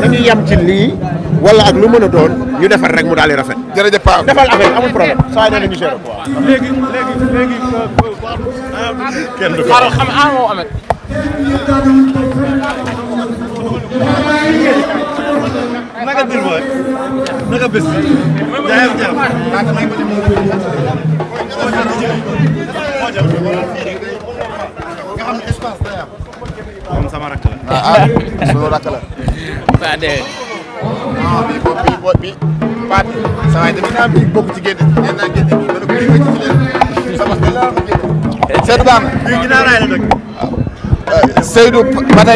nañu yem ci lii wala ak lu mën a doon ñu defar rek mu daal di rafet. jërëjëf Paa defal affaire amul problème saa yoo ñu gérer quoi. léegi léegi léegi. kenn du ko xaaral xam ah moo amet. naka biir booy naka bés bi. jaayam jaam. nga xam ne espace day am. moom sama rakk la. ah, ah la. ko génn ci ah.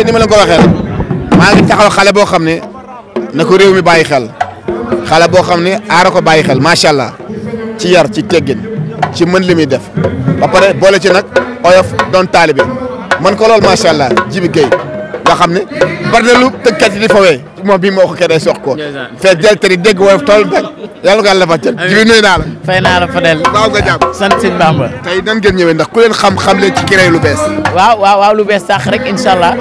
ni ma la ko maa ngi taxaw xale boo xam ne na ko réew mi bàyyi xel. xale boo xam ne aara ko bàyyi xel macha allah ci yar ci teggin ci mën li muy def ba pare boole ci oyof doon taalibe man ko lool macha allah Jibi Gueye nga xam ne bari na lu tëggkat yi di fawee moom bii moo ko keneen sox ko. fee jël tëri dégg woyof tool bi yàlla nga la fa Jibi nuyu naa la. fay naa la sant sëñ Bamba. tey nan ngeen ñëwee ndax ku leen xam-xam leen ci Kirey lu bees. waaw waaw waaw lu bees sax rek incha allah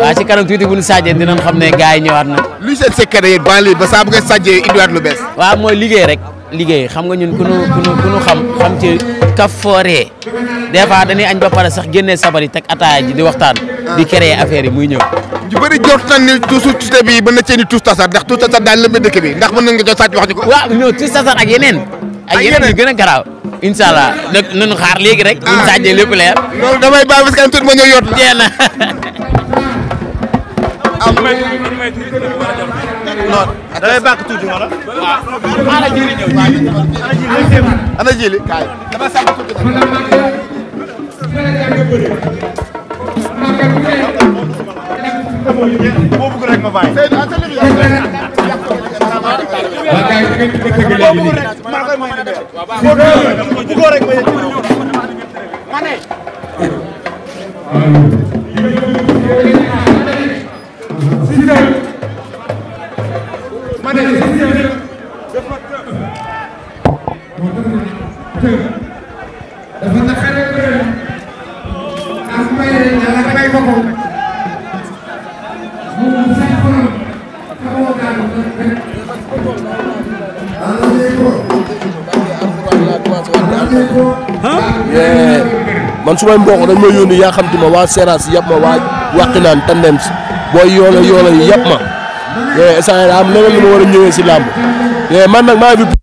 waaw ci kanam tuuti bu ñu sàjjee dinañ xam ne gars yi ñëwaat na. lu seen secret yi ban lii ba saa bu ngeen sàjjee lu bees. waaw mooy liggéey rek. liggéey xam nga ñun ku nu ku nu xam xam ci kafoore des fois dañuy añ ba pare sax génnee sabari yi teg ataaya di waxtaan di créer affaire yi muy ñëw ñu bëri jot nañ ni tuusu tuute bi ba na cee ni tuus tasar ndax tuus tasar daal lëmbe dëkk bi ndax mën nañ nga jox sàcc wax ñu ko waaw non tuus tasar ak yeneen ak yeneen yu gën garaaw incha allah nag nañu xaar léegi rek ah. ñu sàccee lépp leer loolu damay baax parce que non da ngay bàq tuuti wala. waaw ana jili ñëw ana jili kaay dama sàmm tuuti boo bëgg rek ma bàyyi. waaw kay da ngeen ko tëgg léegi nii. maa koy may libéré. bu góor rek ma yegg ma ne. Sidé. ma ne dafa naqaree man su may mbokk dañ ma yónni yaa xam te ma waa Seras yàpp ma waa Wàqinaan Tandem booy yoola yoola yàpp ma yee instant yii daa am leneen lu ma war a ñëwee yee man nag maa ngi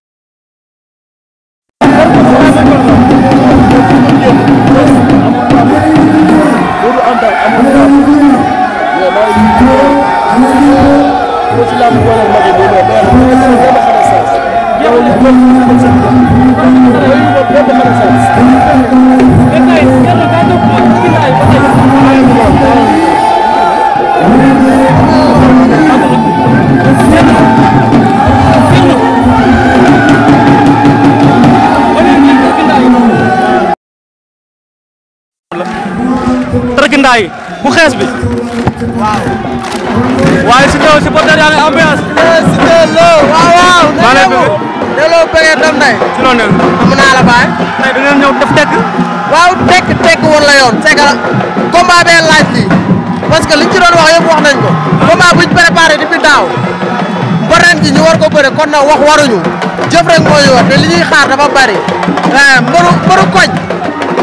combat bu xees bi waaw waaw waaw maa lay bëgg delloo bëggee tam day si loolu ne am la baay tey ñëw def tekk waaw tekk tekk woon la yoon c'est que bee laaj lii parce que liñ ci doon wax yëpp wax nañ ko combat buñ préparé depuis daaw ba ren ñu war ko bëre kon na wax waruñu jëf rek mooy yor te li ñuy xaar dafa bari eh, mbëru mbëru koñ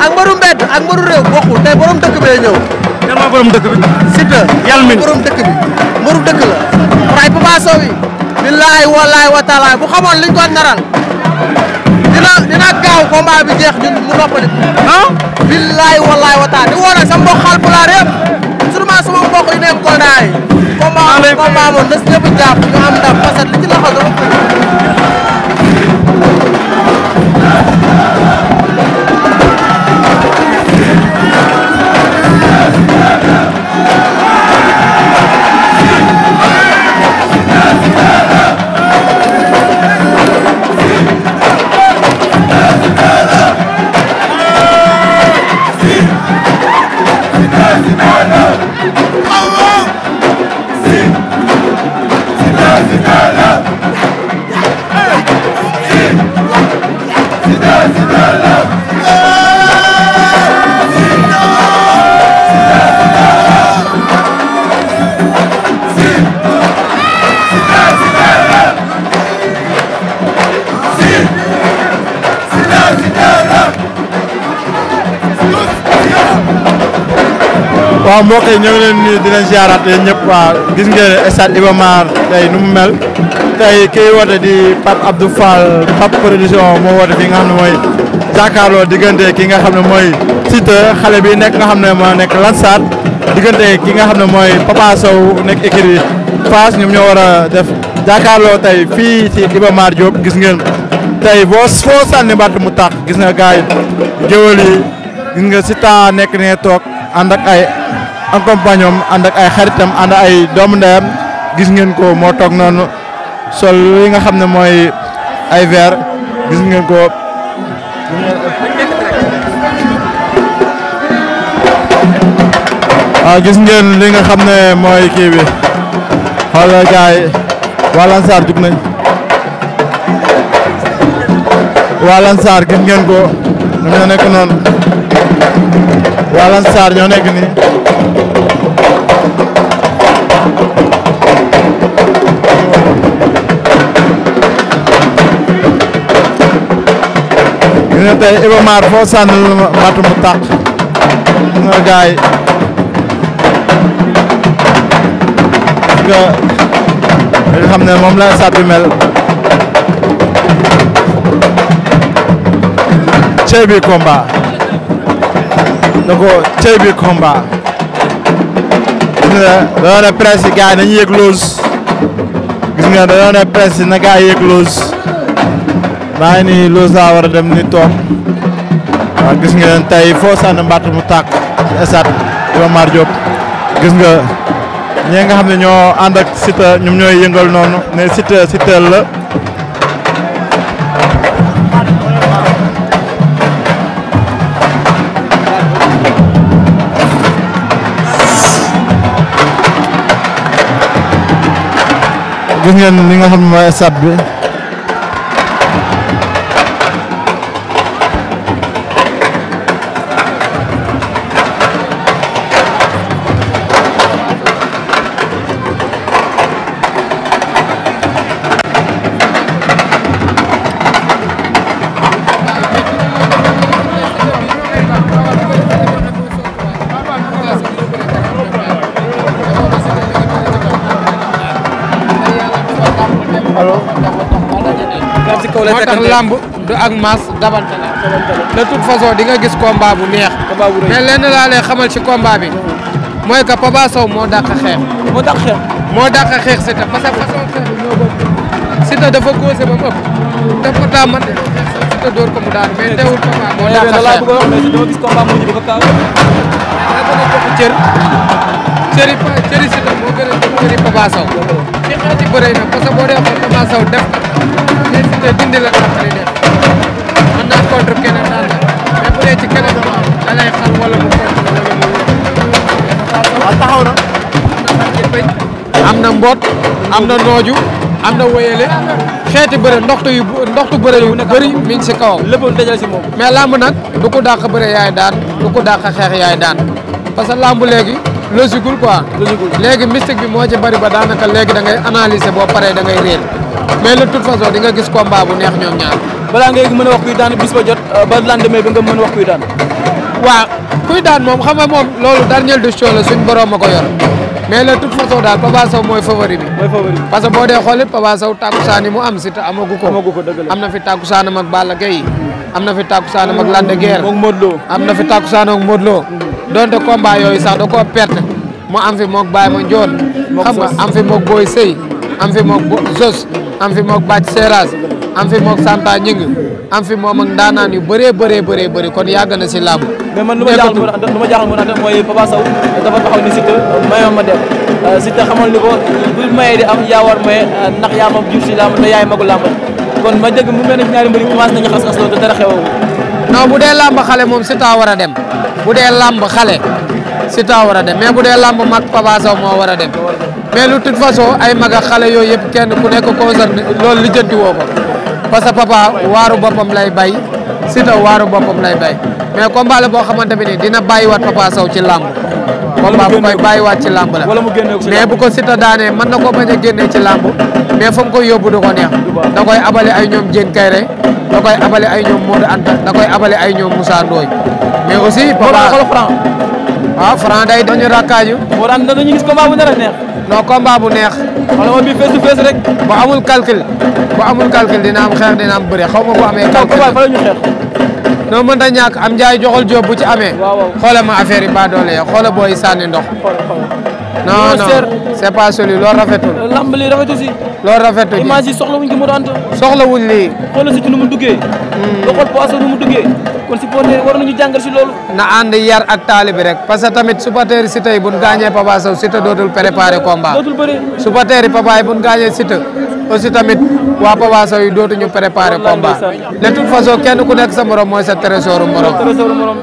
ak mbëru mbedd ak mbëru réew bokkul te borom dëkk bee ñëw kan mooy borom dëkk bi. Siteu. yàlla mi bi mbaru dëkk la. ray billaahi wallaahi wa dina gaaw combat bi jeex mu noppali. ah. billaahi wallaahi wa taala di woo nag sama mbokk Haalpulaar yëpp. yu nekk Kolda yi. combat na si ñëpp jàpp ñu am ndam parce que li ci loxo la waaw mbokk yi ñoo ngi leen nuyu di leen ziaraat yéen ñëpp waaw gis ngeen stade Iba Mar nu mu mel tey kii woote di Pape Abdou Fall Pape production moo woote fi nga xam ne mooy jàkkaarloo diggante kii nga xam ne mooy Siteu xale bi nekk nga xam ne moo nekk Lansar diggante ki nga xam ne mooy Papa Sow nekk écurie Fass ñoom ñoo war a def jàkkaarloo tey fii ci Iba Mar gis ngeen tey boo foo sànni baat mu tax gis nga gars yi géwël yi gis nga Siteu nekk ne toog ànd ak ay. ak compagnon ànd ak ay xaritam ànd ay doomu ndeyam gis ngeen ko moo toog noonu sol li nga xam ne mooy ay verre gis ngeen ko. waaw ah, gis ngeen li nga xam ne mooy kii bi xoolal gaay waa Lansar jug nañ waa Lansar gis ngeen ko ñoom ñoo nekk noonu waa Lansar ñoo nekk nii. ñu ne tey Iba foo sànni lu mu tàq nga gaay nga xam ne moom la saat bi mel cey bi combat da ko cey bi combat gis ne presse yi nañu yëg loos gis ne presse na gars yi maa ngi nii Louza war a dem ni toog waaw gis ngeen tey foo sànni mbatt mu tàkk ci esaat Iba Mar gis nga ñi nga xam ne ñoo ànd ak Siteu ñoom ñooy yëngal noonu ne Siteu Siteu la gis ngeen li nga xam ne mooy esaat bi tax làmb du ak maas dabante la de toute façon di nga gis combat bu neex mais lenn laa lay xamal ci combat bi mooy que Papa Sow moo dàq xeex moo dàq xeex moo dàq xeex Siteu parce que façon xeex ñoo bokk Siteu dafa causé ba mu ëpp te pourtant man de Siteu dóor ko mu daan mais teewul Papa moo dàq xeex cër cëri cëri Siteu moo gën a jëm cëri Papa Sow ci xeeti bëre na parce que boo dee xool Papa Sow def nit am na mboot am na nooju am na wéyale xeeti bëre ndoxtu yu ndoxtu bëre yu bëri mi ngi si kawam léppoon dajal si moom mais làmb nag du ko dàq bëre yaay daan du ko dàq xeex yaay daan parce que làmb léegi logique ko logique léegi mystique bi moo ci bari ba daanaka léegi da ngay analyser boo paree da ngay réer mais de toute façon di nga gis combat bu neex ñoom ñaar. balaa ngay mën a wax kuy daan bis ba jot euh, ba lendemain bi nga mën wax kuy daan. waaw kuy daan moom xam moom loolu dernier décision la suñu borom ma ko yor mais de toute façon daal Papa Sow mooy favori bi. mooy favori bi parce que boo dee xoolit Papa Sow takkusaan mu am Siteu amagu ko. amagu ko am na fi takkusaanam ak Balla Gaye am na fi takkusaanam ak Lac de Guiers. moom Modou am na fi takkusaanam ak Modou Lo. donte combat yooyu sax am fi mook bàcc seeraas am fi mook santa ñing am fi moom ndaanaan yu bëree bëree bëree bëri kon yàgg na si làmb mais man lu ma jaaxal lu ma jaaxal moo mooy Papa Sow dafa taxaw ni Siteu mayoon ma dem euh, Siteu xamal ni ko bu di am yaa war maye euh, ndax yaa ma jur si làmb te yaay magu làmb kon ma dégg mu mel ne ñaari mbir yi commencé nañu xas-xas loolu te dara xewoo non bu dee làmb xale moom Siteu war a dem bu dee làmb xale Siteu war a dem mais bu dee làmb mag Papa war a dem mais de toute façon ay maga xale yooyu yëpp kenn ku nekk concerné loolu lijjanti woo ko parce papa waaru boppam lay bay Siteu waaru boppam lay bay mais combat la boo xamante bi ni dina bàyyiwaat papa Sow ci làmb combat bu koy bàyyiwaat ci làmb la mais bu ko Siteu daanee mën na koo bañ a génnee ci làmb mais fa mu koy yóbbu du ko neex da koy abale ay ñoom Dieng Kayre da koy abale ay ñoom Modou Anta da koy abale ay ñoom Moussa Ndoye aussi papa waaw ah, Franc day dañu rakkaaju donc combat bu neex. wala moom bu amul calcul bu amul calcul dina am xeex dina am bëre xaw ma bu amee. calcul waaw fa la ñu am njaay joxol jóob bu ci amee. waaw ma affaire yi ba doole ya xoolal booy sànni ndox. xoolal non non c' est pas celui loolu rafetul. lamb li rafetul si. loolu rafetul si image yi soxlawuñ ko mu doon mu duggee. nga hmm. xool poisson nu mu duggee. kon supporter na ànd yar ak taali bi rek parce que tamit supporter si tey bu ñu gaañee Papa Sow si te dootul préparé combat. dootul bëri supporter yi Papa yi bu ñu gaañee si te tamit waa Papa Sow yi dootuñu préparé combat. de toute kenn ku nekk sa morom mooy sa trésoru morom.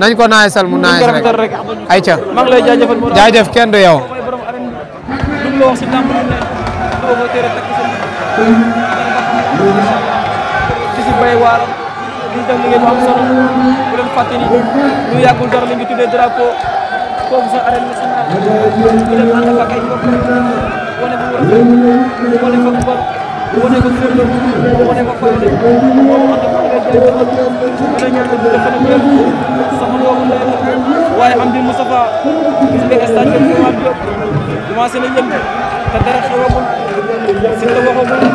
nañ ko naay sal mu naay rek. ayca maa ngi lay jaajëfal morom jaajëf kenn du yow. loo wax si làmb lu ne doo ko teel a takk sa ci si bay waaram di dem ngeen am solo bu leen fàtte ni ñu yàggul dara li ngi tuddee drapeau foofu sa arène nationale ñu dem ànd ak ay mbokk wane ko war wane ko mbor wane ko firnde wane ko faale moo ko mën a jëlee jëlee jëlee jëlee jëlee jëlee jëlee jëlee jëlee waaye am di Moustapha gis nga stade bi Imaam Diop commencé na yëngu te dara xewagul si la waxagul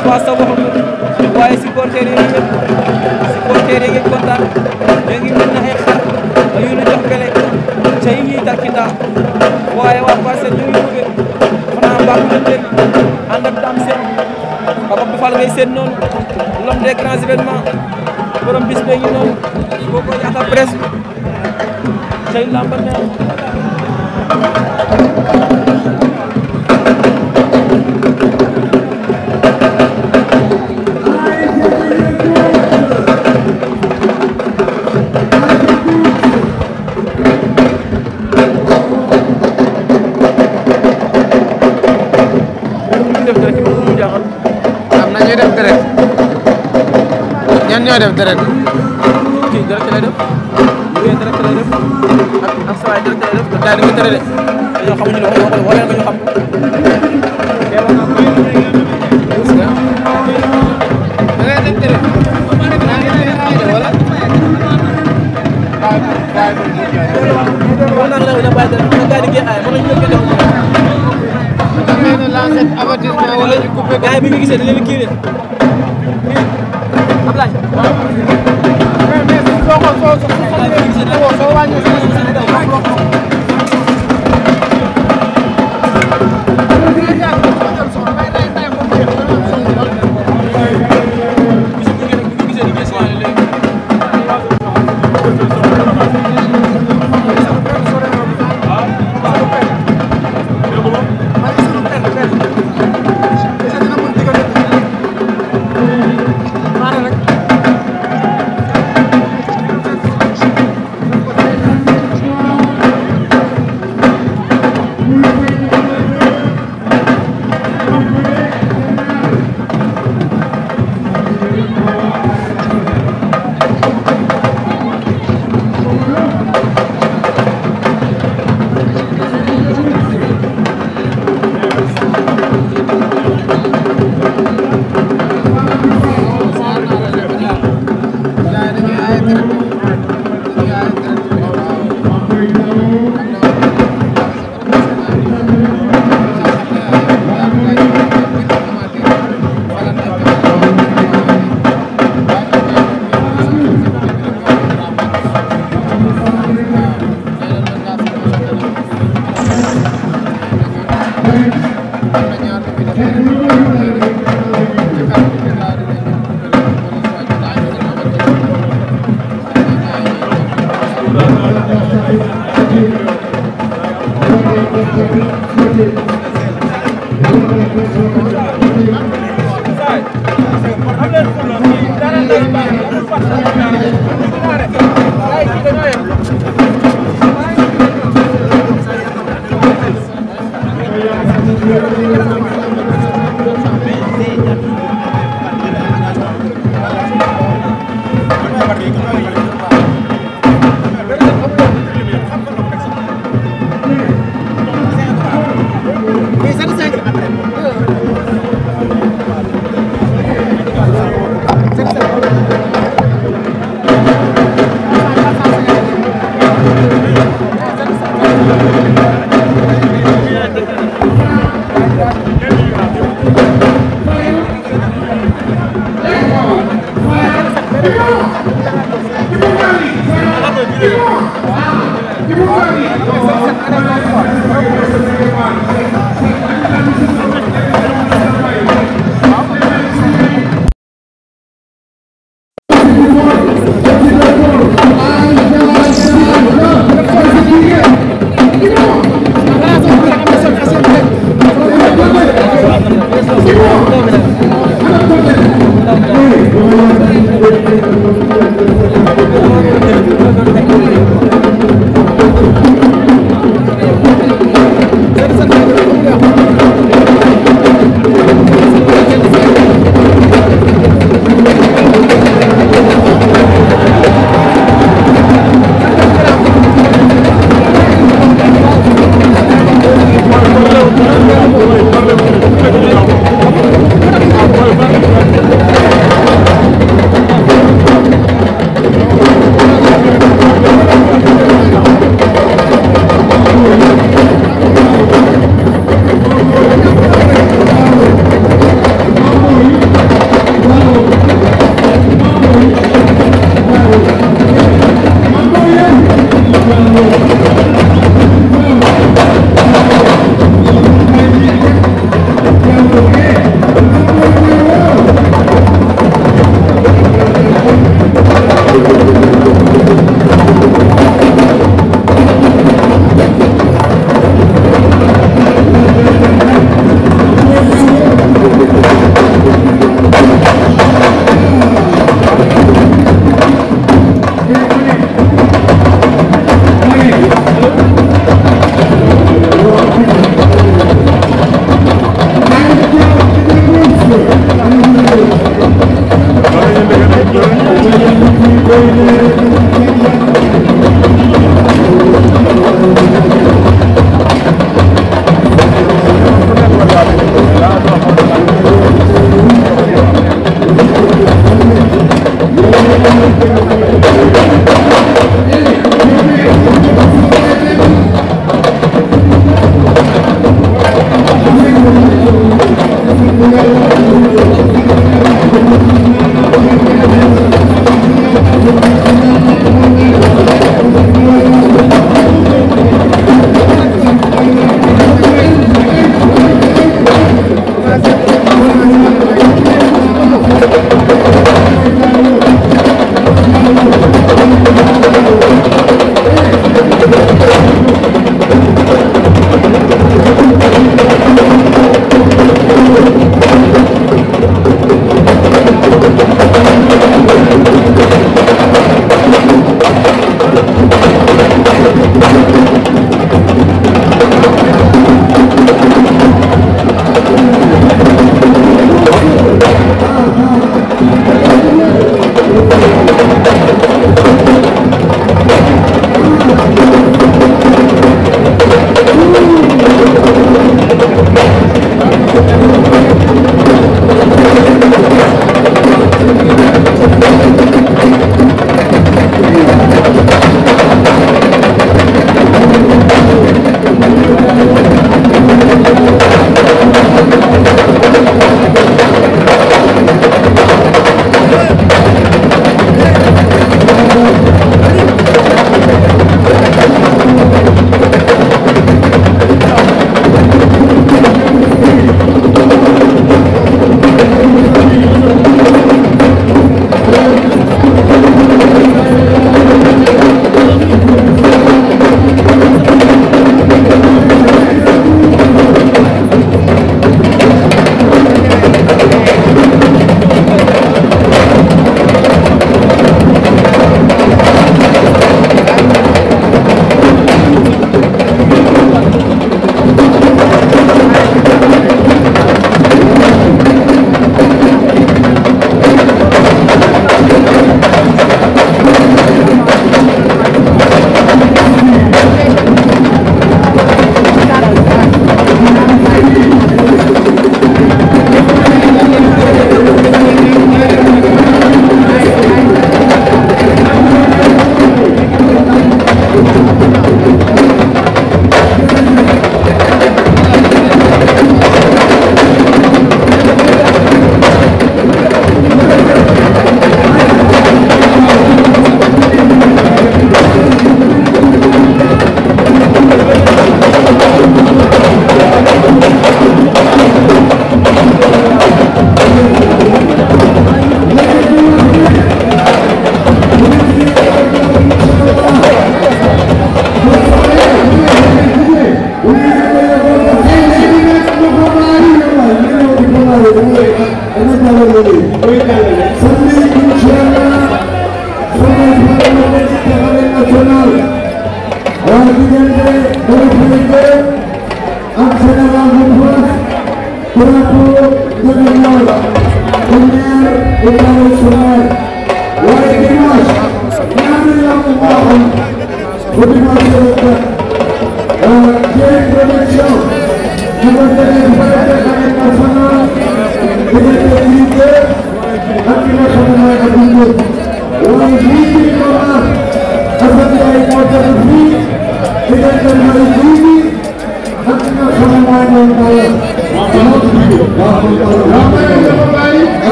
Papa Sow waxagul waaye supporter yi yi ngeen kontaan da ngeen mën na ay xar yu ñu jox kale ca yi ñuy tarkindaa waaye waa Parcelles ñu ngi jóge xanaa mbaamu leen léegi ànd ak daam seen Papa bu Fall ngay seen noonu l'homme des grands événements borom bis bee ñu noonu boo ko ñaata presse tey làmb ñooy def deret. kii deret lay def. ndax sa waay jël télé def daal di ko tere de ñoo xamuñu ne wax wala ko ñu xam gars yi bi ñu gisee da leen kii leen Ablaye soo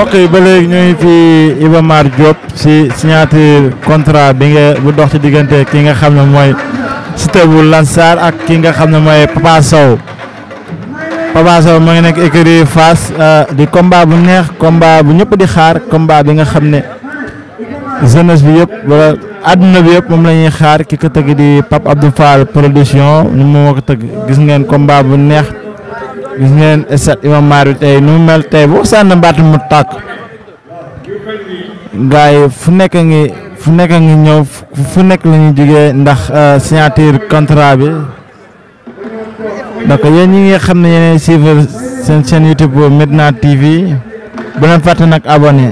mbokk ba léegi ñu ngi fi Iba Mar si signature contrat bi nga bu dox ci diggante ki nga xam ne mooy Siteu bu Lansar ak ki nga xam ne mooy Papa Sow Papa ngi nekk écurie Fass euh, di combat bu neex combat bu ñëpp di xaar combat bi nga xam ne jeunesse bi yëpp wala àdduna bi yëpp moom la ñuy xaar ki ko tëgg di Pape Abdou Fall production ñu moo ko tëgg gis ngeen combat bu neex. gis ngeen stade Iba Mar bi tey nu mel tey boo sànn mbaat mu tàkk gars yi fu nekk ngi fu nekk ngi ñëw fu nekk la ñuy ndax euh, signature contrat bi donc yéen ñi nga xam ne yéenay suivre seen chaîne YouTube Medina TV bu leen nag abonné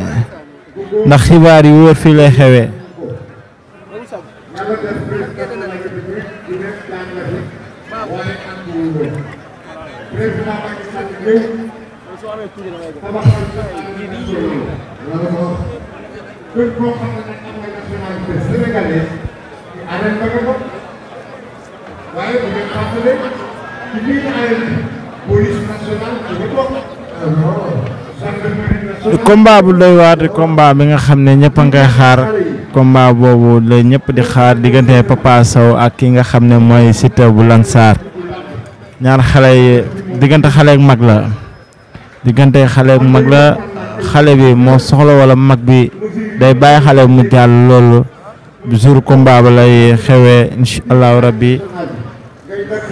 ndax xibaar yi wóor fii lay xewee. waaye bu ngeen fàttali ci bu doy waar di bi nga xam ne ñëpp a ngay xaar combat boobu la ñëpp di xaar diggante Papa ak ki nga xam ne mooy Siteu bu Lansar ñaar xale yi diggante xale ak mag la diggante xale ak mag la xale bi moo soxla wala mag bi day bàyyi xale mu jàll loolu jour combat ba lay xewee incha allahu rabbi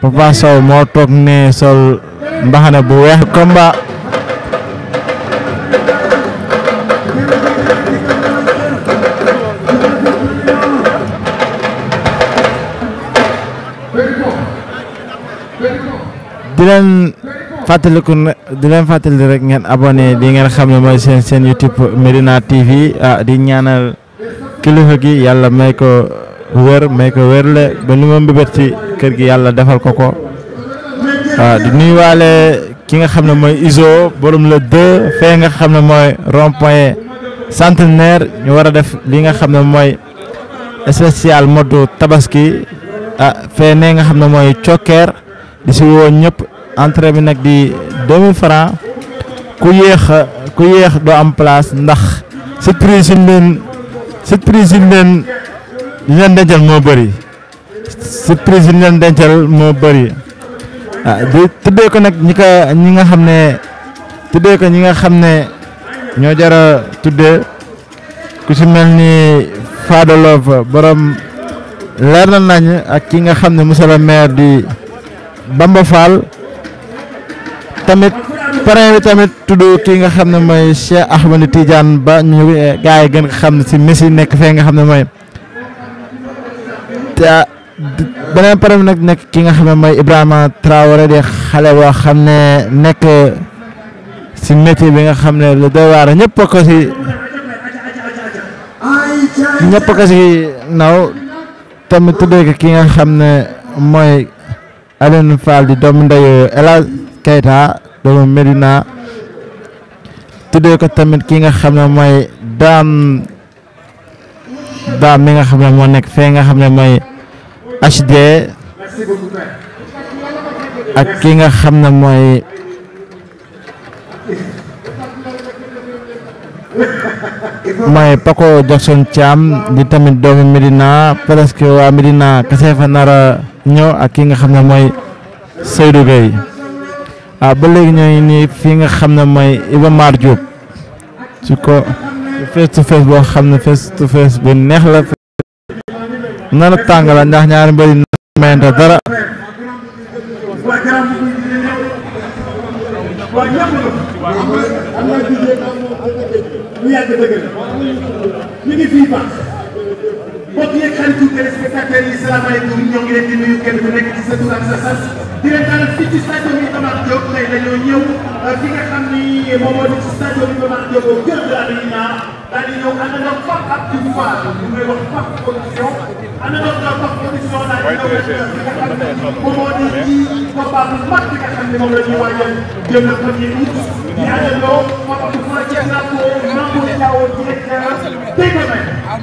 Papa Sow moo toog ne sol mbaxana bu weex combat di leen fàttaliku di leen fàttali rek ngeen abonné di ngeen xam ne mooy seen seen YouTube Medina TV ah di ñaanal kilifa gi yàlla may ko wér may ko wérle ba li ma mbébét ci kër gi yàlla defal ko ko waaw ah, di nuyuwaale ki nga xam ne mooy iso borom la deux fee nga xam ne mooy rond point centenaire ñu war a def li nga xam ne mooy spécial mode tabaski ah fee ne nga xam ne mooy cokkeer di si woo ñëpp entrée bi nag di 2000 francs ku yéex ku yéex doo am place ndax surprise yi leen surprise yi leen li leen dencal moo bëri surprise yi leen dencal moo bëri ah di tuddee ko nag ñi ko ñi nga xam ne tuddee ñi nga xam ne ñoo jara tuddee ku si mel ni Fadaloof borom leer na nañ ak ki nga xam ne monsieur le maire di Bamba Fall tamit parrain bi tamit tudd ki nga xam ne mooy Cheikh Ahmadou Tidiane ba ñu yi gën nga xam ne ci Messi nekk fee nga xam ne mooy te beneen problème nag nekk ki nga xam ne mooy Ibrahima Traoré di xale boo xam ne nekk si métier bi nga xam ne lu doy waar ñëpp ko si ñëpp ko si naw tamit tuddee ko ki nga xam ne mooy Alioune Fall di doomu ndeyu El Hadj Keita doomu Medina ko tamit ki nga xam ne mooy daam daam mi nga xam ne moo nekk fee nga xam ne mooy. HD ak ki nga xam na mooy mooy Paco Jackson Thiam di tamit doomu Medina presque waa Medina kese fa nar ñëw ak ki nga xam ne mooy Seydou Gueye ah ba léegi ñooy nii fi nga xam ne mooy Iba Mar su ko face to face boo xam ne face to face bu neex la. nana tàng la ndax ñaari mbëri na mayante dara mbokk yeeg xaritu téléspectateurs yi salaamaaleykum ñoo ngi leen di nuyu kenn ku nekk ci sa tur ak sa sas di leen dalal fii ci stade bi Iba Mar Diop tey dañoo ñëw fi nga xam ni moom moo di ci stade bi Iba Mar Diop au cœur de l'Arena daal di ñëw àndandoo fap ak ci pouvoir ñu ngi wax fap condition àndandoo doon fap condition daal di ñëw moom moo di ci boppam bu mag bi nga xam ne moom la ñuy waajal jëm le premier août ñu àndandoo fap bu ma jeex naa ko Mambo Diawo directeur dégg nga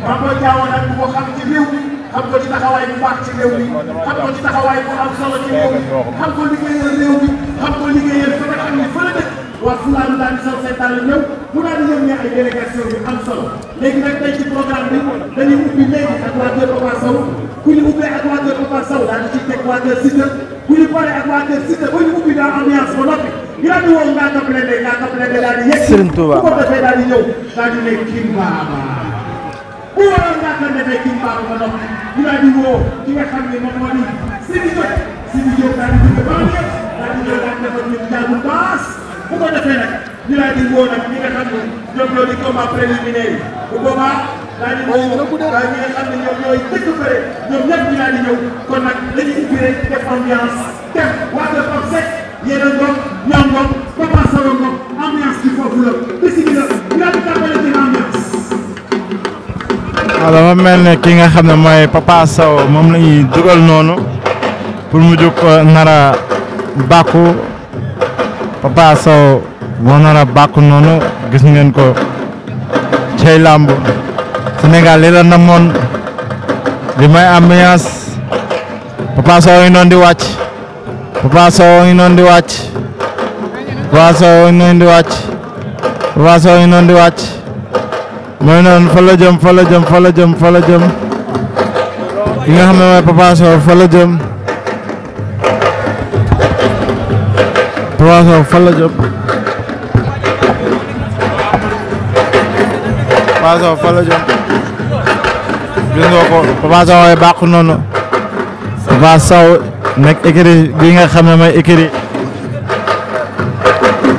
Mambo Diawo nag bu ko xam ci réew mi xam ko ci taxawaay bu baax ci réew mi xam ko ci taxawaay bu am solo ci réew mi xam ko liggéeyal réew mi xam ko liggéeyal fa nga xam ne fa la dëkk waaye fulaa lu daal di soog seen tàll ñëw mu daal di yónnee ay délégation yu am solo léegi nag tey ci programme bi dañuy ubbi léegi ak waa Kër Papa Sow ku ñu ubbee ak waa Kër Papa Sow daal di ciy teg waa Kër Siteu bu ñu paree ak waa Kër Siteu ba ñu ubbi daa ambiance ba noppi ñu daal di woo ngaa topp leen de ngaa topp leen de daal di yegg Serigne Touba bu ko defee daal di ñëw daal di nekk kii Mbamba bu waroon ngaa ko defee kii Mbamba ba noppi ñu daal di woo ki nga xam ne moom moo di Sidi Diop Sidi Diop daal di dugg ba mu yëpp daal di ñëw daal di defar ñu jàllu baas bu ko defee nag ñu laa di woo nag ñi nga xam ne ñoom ñoo di combat préliminaire yi bu boobaa daañu woo daañu ñi nga xam ne ñoom ñooy dëkk bëre ñoom ñëpp ñu laa di ñëw kon nag dañuy ubbi rek def ambiance def waa nga fam sec yéen a ngoog ñoo ngoog papa solo ngoog ambiance bi foofu la bisimilah ñu laa di tàmbali ci ambiance waaw dama mel ne ki nga xam ne mooy Papa Sow moom la ñuy dugal noonu pour mu jóg euh, nara bàkku Papa Sow moo nar a bàkku noonu gis ngeen ko cey làmb Sénégal li la namoon li may ambiance Papa Sow ngi noonu di wàcc Papa Sow ngi noonu di wàcc Papa Sow ngi di wàcc Papa Sow ngi noonu di wàcc mooy noonu jëm fa la jëm nga xam ne mooy Papa Papa Sow fan la jëm Papa Sow fan la noonu Papa Sow nekk écurie bi nga xam ne mooy écurie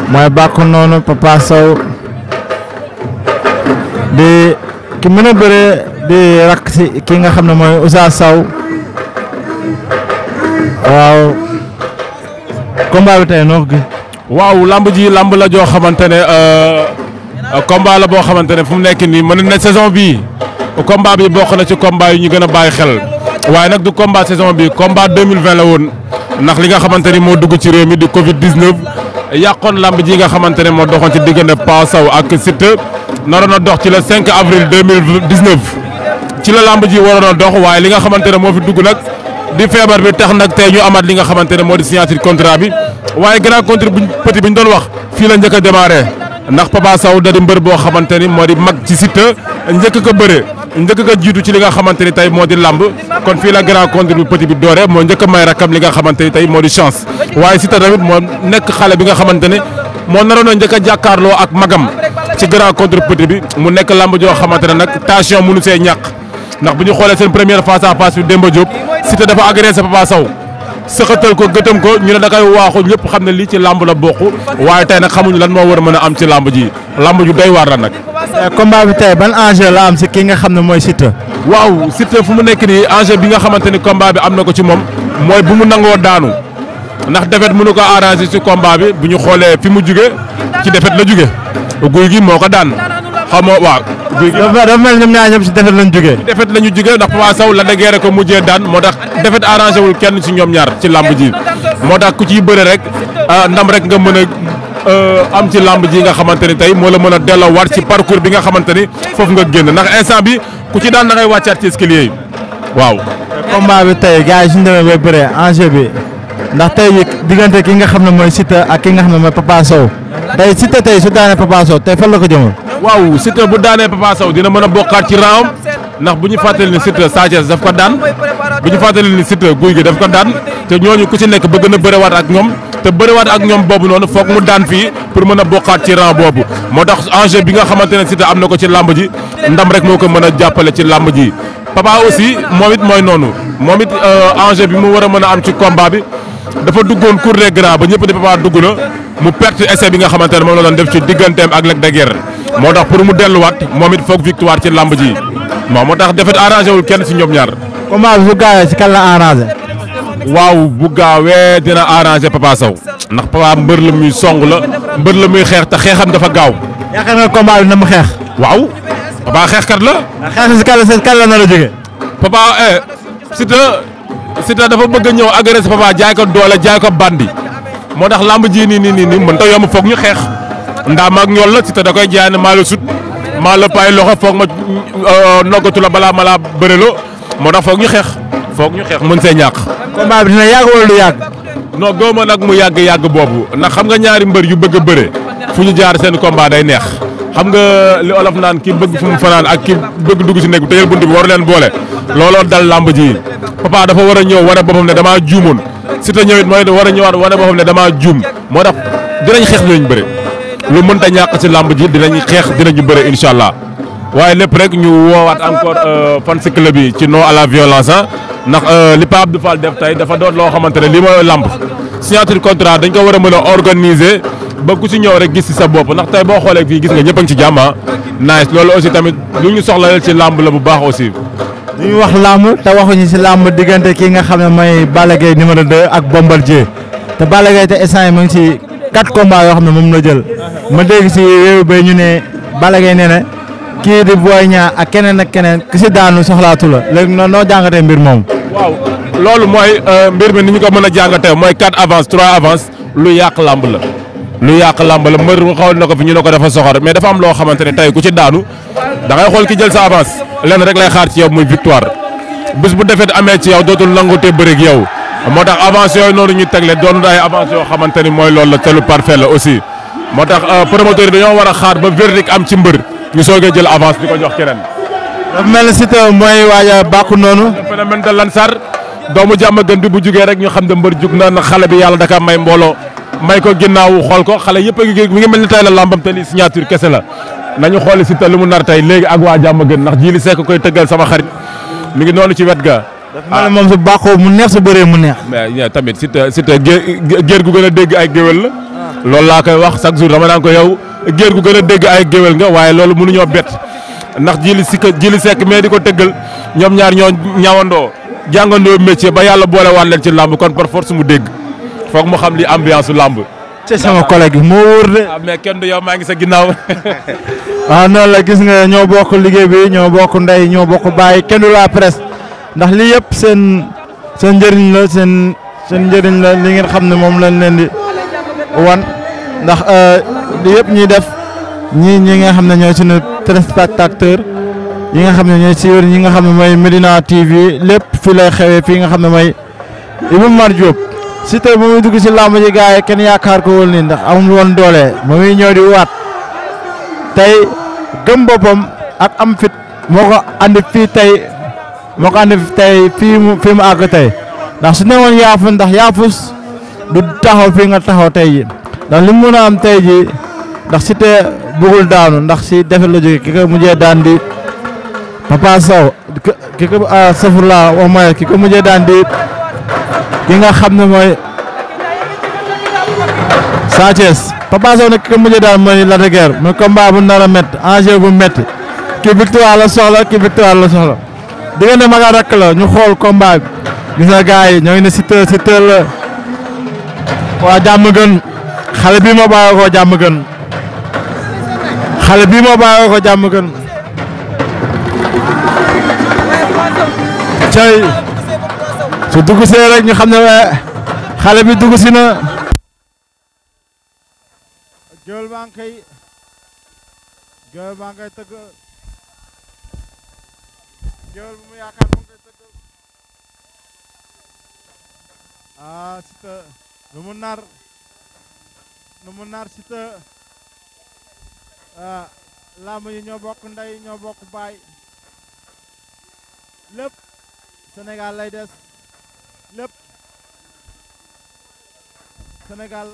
mooy bàq noonu Papa di ki mën a bëree di rakk si nga xam ne mooy Ousa Sow waaw. combat bi tey noo gi waaw lamb ji lamb la joo xamante ne euh, euh, combat la boo xamante ne fu mu nekk nii mën na saison bii combat bi bokk na ci combat yi ñu gën a bàyyi xel waaye nag du combat saison bi combat 2020 la woon ndax li nga xamante ni moo dugg ci réew mi di Covid 19 yàqoon lamb ji nga xamante ne moo doxoon ci diggante Pa Sow ak Siteu naroon a dox ci le 5 avril 2019 ci la lamb ji waroon a dox waaye li nga xamante ne moo fi dugg nag. di feebar bi tax nag tey ñu amaat li nga xamante ne moo di signature contrat bi waaye grand contre buñ petit bi ñu doon wax fii la njëkk a démarré ndax Papa Sow da di mbër boo xamante ni moo di mag ci Siteu njëkk ko bëre njëkk ko jiitu ci li nga xamante ni tey moo di lamb kon fii la grand contre bi petit bi doore moo njëkk a may rakam li nga xamante tey moo di chance waaye Siteu tamit moo nekk xale bi nga xamante ne moo naroon a njëkk a jàkkaarloo ak magam ci grand contre petit bi mu nekk làmb joo xamante ne nag tension mënu see ñàkk. ndax bu ñu xoolee seen première face à face bi Demba Diop Siteu dafa agressé Papa Sow sëqatal ko gëtam ko ñu ne da waaxu ñëpp xam ne lii ci làmb la bokk waaye tey nag xamuñu lan moo war a mën a am ci làmb ji làmb ju doy waar la nag. Eh, combat bi tey ban enjeu la am si ki nga xam ne mooy Siteu. waaw Siteu fu mu nekk nii enjeu bi nga xamante ni combat bi am na ko ci moom mooy bu mu nangoo daanu ndax defet mënu ko arrangé ci combat bi bu ñu xoolee fi mu jugee ci defet la jugee guy gi moo ko daan. xaw ma waaw. guy gi dafa mel ñoom ñaar ñëpp si defet lañ jugee. defet lañu jugee ndax Papa Sow la dëggeere ko mujjee daan moo tax defet arrangé wul kenn si ñoom ñaar ci làmb ji moo tax ku ciy bëre rek ah, ndam rek nga mën a euh, am ci làmb ji nga xamante ni tey moo la mën a delloowaat ci parcours bi nga xamante ni foofu nga génn ndax instant bi ku ci daan da wàccaat ci escalier yi waaw. combat bi tey gars yi suñu demee bay bëree enjeu bi ndax tey diggante ki nga xam ne mooy Siteu ak ki nga xam ne mooy Papa Sow tey Siteu tey su daanee Papa la ko jëmal waaw Siteu bu daanee Papa Sow dina mën a bokkaat ci raawam ndax bu ñu fàttali ni Siteu Sa daf ko daan bu ñu fàttali ni Siteu guy gi daf ko daan te ñooñu ku ci nekk ba bëgg a bëriwaat ak ñoom te bëriwaat ak ñoom boobu noonu foog mu daan fii pour mën a bokkaat ci rang boobu moo tax enjeu bi nga xamante ne Siteu am na ko ci làmb ji ndam rek moo ko mën a jàppale ci làmb ji Papa aussi moom it mooy noonu moom it euh, enjeu bi mu war a mën a am ci combat bi dafa duggoon cour des grands ba ñëpp ne Papa dugg na mu perte essai bi nga xamante ne moom la doon def ci digganteem ak Lac de moo tax pour mu delluwaat moom it foog victoire ci lamb ji moom moo tax défaite arrangé kenn si ñoom ñaar. combat bu gaawee si kan la arrangé. waaw bu gaawee dina arrangé Papa Sow ndax Papa mbër la muy song la mbër la muy xeex te xeexam dafa gaaw. yaakaar nga combat bi na mu xeex. waaw Papa xeexkat la. xeex si kan la si kan la nar a jógee. Papa eh Siteu dafa bëgg a ñëw agressé Papa jaay ko doole jaay ko bandi moo tax lamb ji nii nii nii nii mënut a yomb foog ñu xeex ndaa maag ñool la Siteu da koy jaay ne maa la sut maa la paay loxo foog ma euh, noggatu la balaa ma laa bëreloo moo tax foog ñu xeex foog ñu xeex mën see ñàkk. combat bi dina yàgg wala du yàgg. non nag mu yàgg yàgg boobu ndax xam nga ñaari mbër yu bëgg a bëre fu ñu jaar seen combat day neex. xam nga li olof naan ki bëgg fu fanaan ak ki bëgg dugg si nekk tëjal bunt bi war leen boole looloo dal làmb ji papa dafa war a ñëw wane boppam ne damaa juumoon si te ñëwit mooy war a ñëwaat wane boppam ne damaa juum moo tax dinañ xeex dinañ bëre lu mënta ñàkk si làmb ji dinañ xeex dinañu bëre incha allah waaye lépp rek ñu woowaat encore euh, fan si club yi ci non à la violence ah ndax euh, li Pa Abdou Fall def tey dafa doon loo xamante ne lii mooy làmb signature contrat dañ ko war a mën a organiser ba ku si ñëw rek gis si sa bopp ndax tey boo xoolee fii gis nga ñëpp a ngi ci jàmm ah. nice loolu aussi tamit lu ñu soxla ci làmb la bu baax aussi. ñu wax làmb te waxuñu si làmb diggante kii nga xam ne mooy Balla Gaye de 2 bombal Bombardier te Balla Gaye te instant yi mu ngi si quatre combats yoo xam ne moom la jël ma dégg si réew ba ñu ne Balla Gaye nee na kii di Boy Niang ak keneen ak keneen ki si daanu soxlaatu la léegi noonu noo jàngatee mbir moom. waaw loolu mooy euh, mbir mi ni ñu ko mën a jàngatee mooy quatre avance trois avance lu yàq làmb la. lu yàq làmb la mbër xawoon na ko fi ñu ne ko dafa soxor mais dafa am loo xamante ne ku ci daanu da ngay xool ki jël sa avance lenn rek lay xaar ci yow muy victoire bés bu defet amee ci yow dootul nangu te bëreeg yow moo tax avance yooyu noonu ñu tegle doon ay avance yoo xamante ni mooy loolu la te lu parfait la aussi moo tax euh, promoteur yi dañoo war a xaar ba verdict am ci mbër ñu soogee jël avance di ko jox keneen. mel ni Siteu mooy waaja bàkku may ko ginnaaw xool ko xale yëpp a ngi mi ngi mel ni tey la lambam te li signature kese la nañu xooli si te lu mu nar tey léegi ak waa jàmm gën ndax ji li sekk koy tëggal sama xarit mi ngi noonu ci wet ga. ah moom su baaxoo mu neex su bëree mu neex. mais tamit si te si te géer gu gën a dégg ay géwél la. Ah. loolu laa koy wax chaque jour dama naan ko yow géer gu gën a dégg ay géwél nga waaye loolu mënuñoo bett ndax ji li si ji li sekk mais di ko tëggal ñoom ñaar ñoo ñawandoo jàngandoo métier ba yàlla boole boolewaat leen ci làmb kon par force mu dégg foog mu xam li ambiance làmb ci sama collège moo wóor de. Ah, kenn du yow maa ngi sa ginnaaw. waaw ah, noonu la gis nga ñoo bokk liggéey bi ñoo bokk ndey ñoo bokk bàyyi kenn du la presse ndax lii yëpp seen seen njëriñ la seen seen njëriñ la li ngeen xam ne moom lañ leen di wan ndax euh, lii yëpp ñuy def ñii ñi nga xam ne ñooy suñu téléspectateur yi nga xam ne ñooy siiwar ñi nga xam ne mooy Medina TV lépp fi lay xewee fii nga xam ne mooy Ibou Mar Siteu ba muy dugg si làmb ji gars kenn yaakaar ko woon nii ndax amul woon doole ba muy ñëw di waat tey gëm boppam ak am fit moo ko andi fii tey moo ko andi tey fii mu fii mu àgg tey ndax si newoon yaafus ndax yaafus du taxaw fii nga taxaw tey ji ndax li mu mën a am tey ji ndax Siteu bëggul daanu ndax si defet la ki ko mujjee daan di Papa Sow ki ko safur laa wax ki ko mujjee daan di ki nga xam ne mooy Sa Thiès Papa Sow nag ki mujj daal mooy Lac de Guiers bu nar a métti bu métti ki victoire la soxla ki victoire la soxla diggante mag ak ñu xool combat bi gis nga gars yi ñoo ngi ne Siteu Siteu waa jàmm gën xale bi moo bàyyi ko jàmm gën xale bii moo bàyyi ko jàmm gën cay su dugg see rek ñu xam ne eh, xale bi dugg si na. Géwél baa ngi koy géwél baa ngi koy tëgg géwél bu mu mu ngi koy tëgg ah, lu mu nar lu mu nar Siteu ah làmb yi ñoo bokk ndey ñoo bokk baay lépp Sénégal lay lépp Sénégal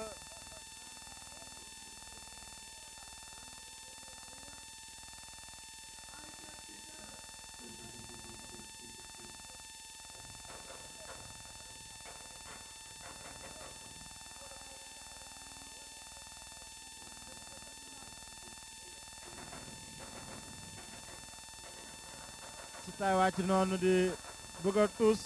si tay wàcc noonu di bëgg tuus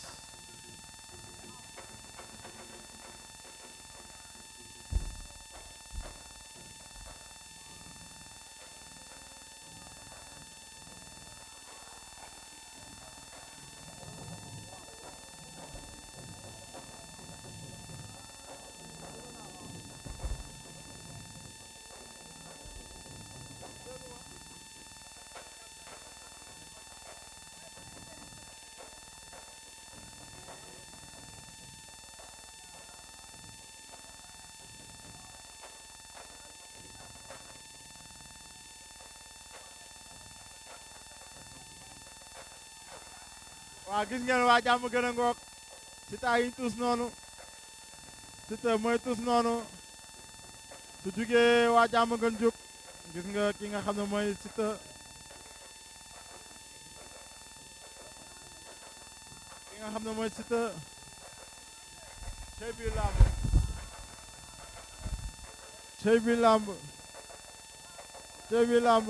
waa gis ngeen waa jàmm gën a ngoog Siteu yiñ tuus noonu Siteu mooy tuus noonu su jugee waa jàmm gën jóg gis nga ki nga xam ne mooy Siteu ki nga xam ne mooy Siteu cey bi làmb cey bi làmb cey bi làmb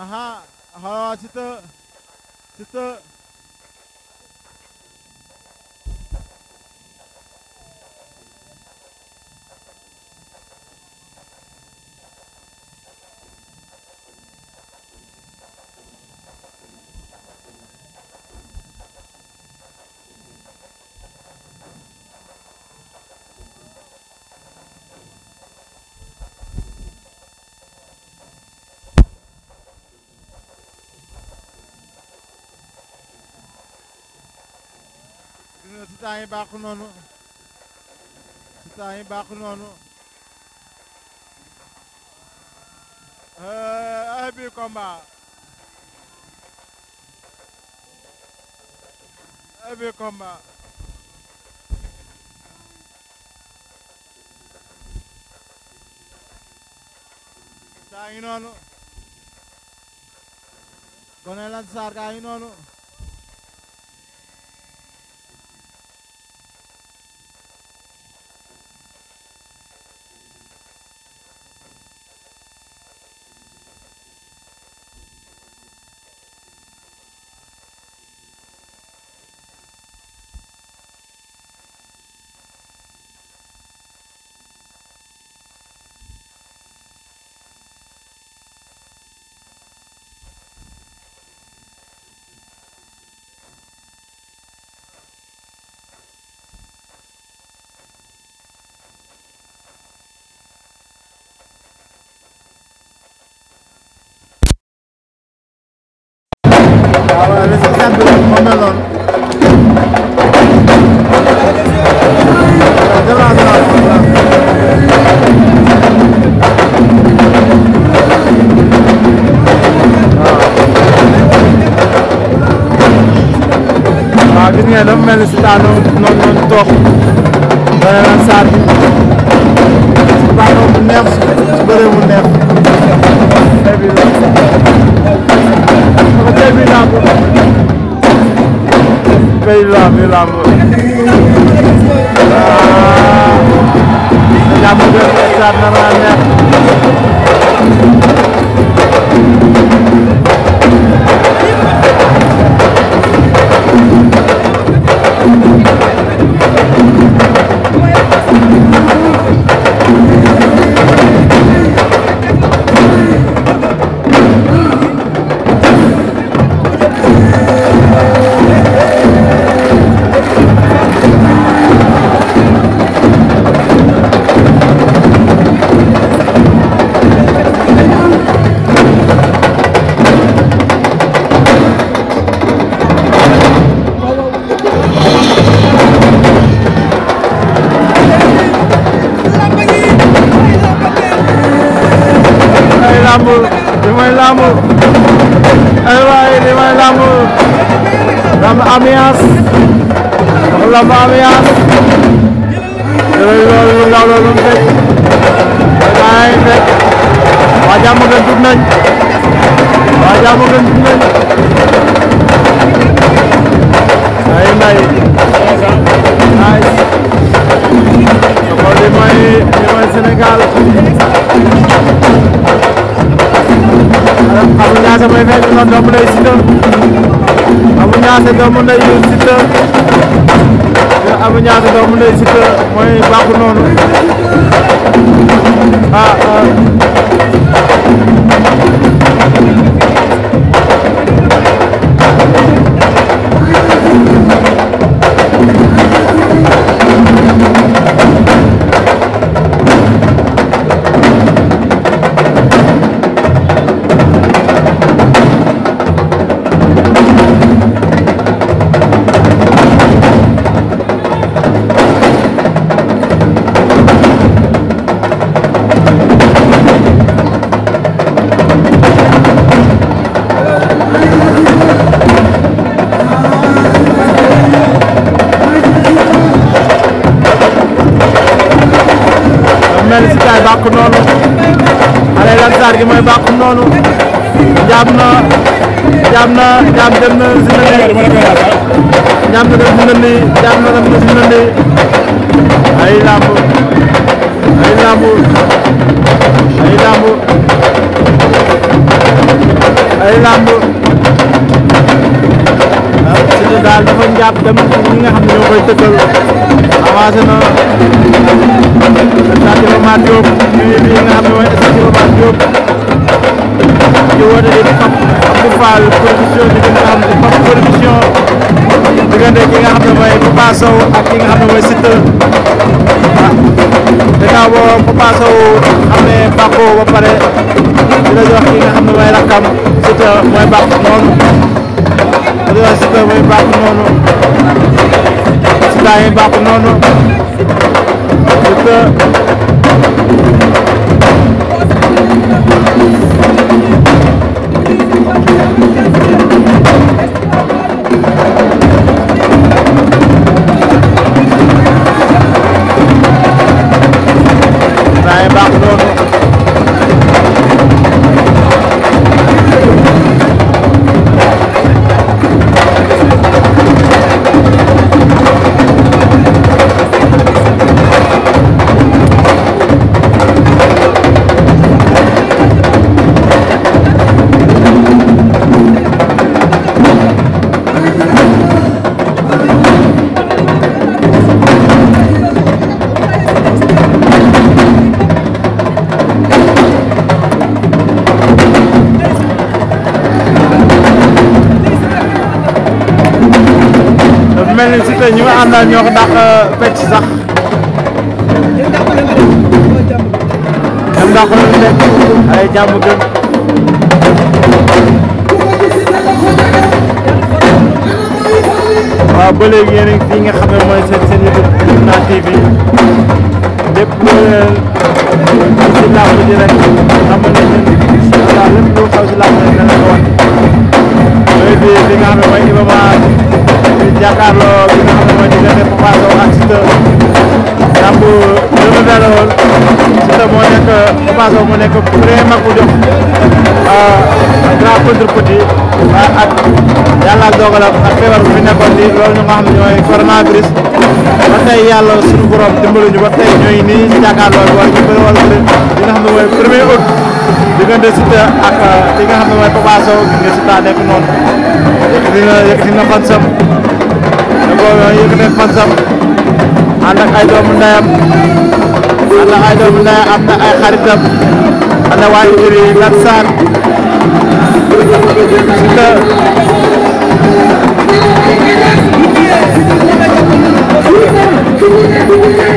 aha xawa Siteu C'est ça. saa ngi baaxu noonu sitaan ngi baaxu noonu ah bi combat ah bi combat sitaan yi noonu Gonel Ansar gaa yi noonu waaw responsable bi moom la loon. waaw gis ngeen dafa mel ni si taanu noonu noonu toog bëri na saa bi si taanu bu neex su bëree mu neex. tey bi làmb tey làmb làmb jàmm jërëjëf saa na maa neex lamb ambiance loolu loolu lu ndaw loolu mu fekk maa ngi fekk waa nañ waa jàmm gën tudd nañ ay may ay loolu li may li may Sénégal Abou Niasse may fekk noonu Abou Niasse doomu ndey Siteu mooy baaxu noonu ah, ah. gaar gi mooy baaxum noonu jaam na jaam na jaam dem na si nënd jaam na dem si nënd jaam na dem na si nënd ay làmb ay làmb ay làmb ay làmb ah, Siteu daal dafa njàpp dem ñi nga xam ne ñoo koy tëkkal avancé na Sadio Mate Diop Fall production di gën a am Pape production diggante ki nga xam ne mooy Papa Sow nga xam ne mooy Siteu ah gannaaw ba Papa Sow xam ne bàqu ba pare di la jox ki nga xam ne mooy rakkam Siteu mooy bàq noonu di la Siteu mooy bàq noonu Siteu mooy bàq na ñoo ko dàq euh, fecc sax kenn dàq lu nekk ay jàmm gën waaw ba léegi yéen a ngi fii nga xam ne mooy seen seen YouTube Lumina TV lépp lu leen si làmb ji rek xam nga ne lépp lu xaw si làmb rek dana ko wan loolu bi li nga xam ne mooy jàkkaarloo bi nga xam ne mooy diggante Papa ak Siteu làmb renouvelé la woon Siteu moo nekk moo nekk premier mag bu jox ah, grand contre petit ah, ak yàlla ak dogalam ak feebar bu fi nekkoon di loolu ñu nga xam ne ñooy coronavirus ba tey yàlla suñu borom dimbali ñu ba tey ñooy nii si jàkkaarloo bi war ñu bëri wala bëri nga xam ne mooy premier août diggante Siteu ak li ah, nga ne mooy Papa Sow gis nga Siteu nekk noonu yëkkati na yëkkati na fan sam ko yëkkatee fansam ànd ak ay doomu ndeyam ànd ak ay doomu ndeyam am na ay xaritam ànd ak waa Idri Lat Sarr Siteu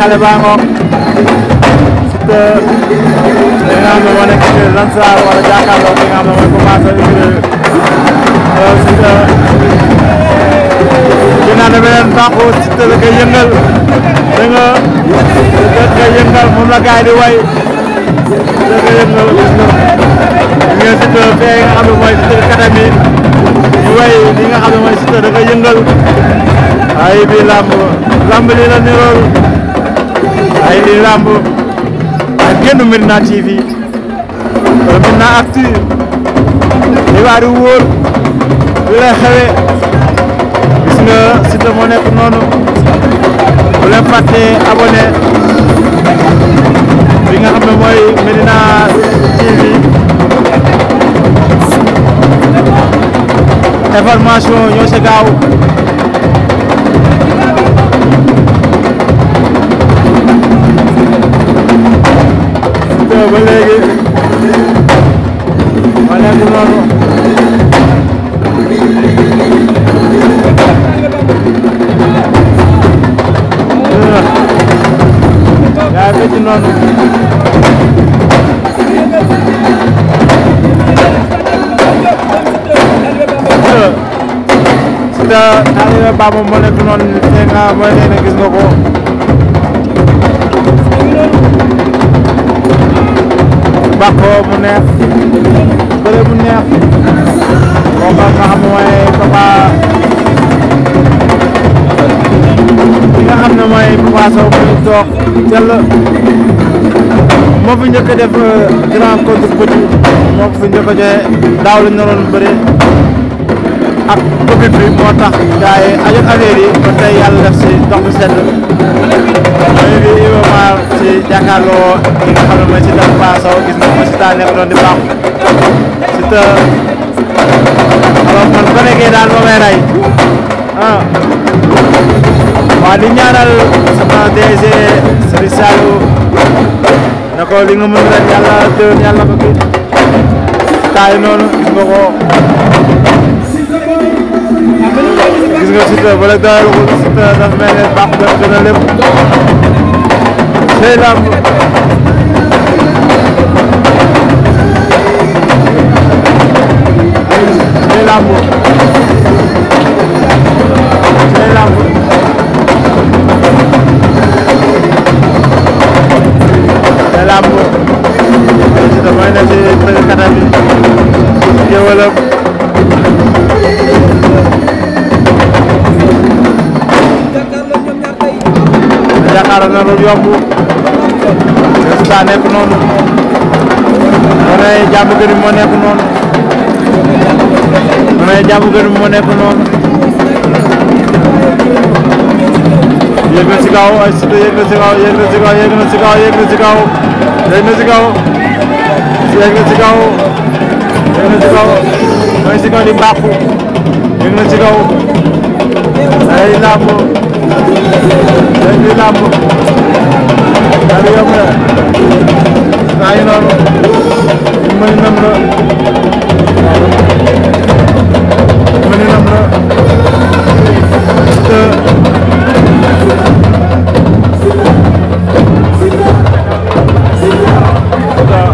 xale baa ngoog Siteu li nga xam ne moo nekk ci Lansar wala jàkkaarloo li nga xam ne mooy commencé utilise Siteu di euh, naan beneen bàqu Siteu la koy yëngal da nga da koy yëngal moom la gars yi di way da koy yëngal gis nga ngeen Siteu fee nga xam ne mooy Siteu katami di way li nga xam ne mooy Siteu da koy yëngal ay bi làmb làmb lii la nirool ay li làmb ak génn Medina TV wala Medina Actu xibaar yu wóor li lay xewee nga Siteu moo nekk noonu bu leen fàtte bi nga xam ne mooy Medina TV information ñoo si dóor ba léegi wala du noonu ah. yaa ngi ci noonu ah. Siteu daa leen baax moom moo nekk gis nga ko bàkkoo mu neex bëre mu neex kooku nga xam mooy Papa ki nga xam ne mooy Papa Sow muy toog jël moo fi njëkk def euh, grand contre petit moo ko fi joxe daaw lañ naroon bëre ak public bi moo tax gars yi ajoon yi ba tey yàlla def si ndox mi sedd mooy bi Iba Mar ci jàkkaarloo ki nga xam ne mooy Siteu Papa Sow gis nga mooy nekk doon di baax Siteu alors man ba nekkee daal noonu gis nga gis nga Siteu ba léegi doyal ko Siteu dafa mel ne baax def na lépp sey lamb sey lamb sey lamb sey lamb mooy na ci tëggkatam bi géwalam dara narul yomb résultat nekk noonu mën ay jàmm gën moo nekk noonu mën ay jàmm gën moo nekk noonu yéeg na si kaw ay Siteu yéeg na si kaw yéeg na si kaw yéeg na si kaw yéeg na si kaw yéeg na si kaw yéeg na si kaw yéeg na si kaw mooy si kaw di mbàqu yéeg na si kaw ay làmb tey jii làmb daal di yomb rek saa yu noonu mën nam la mën nam la te waaw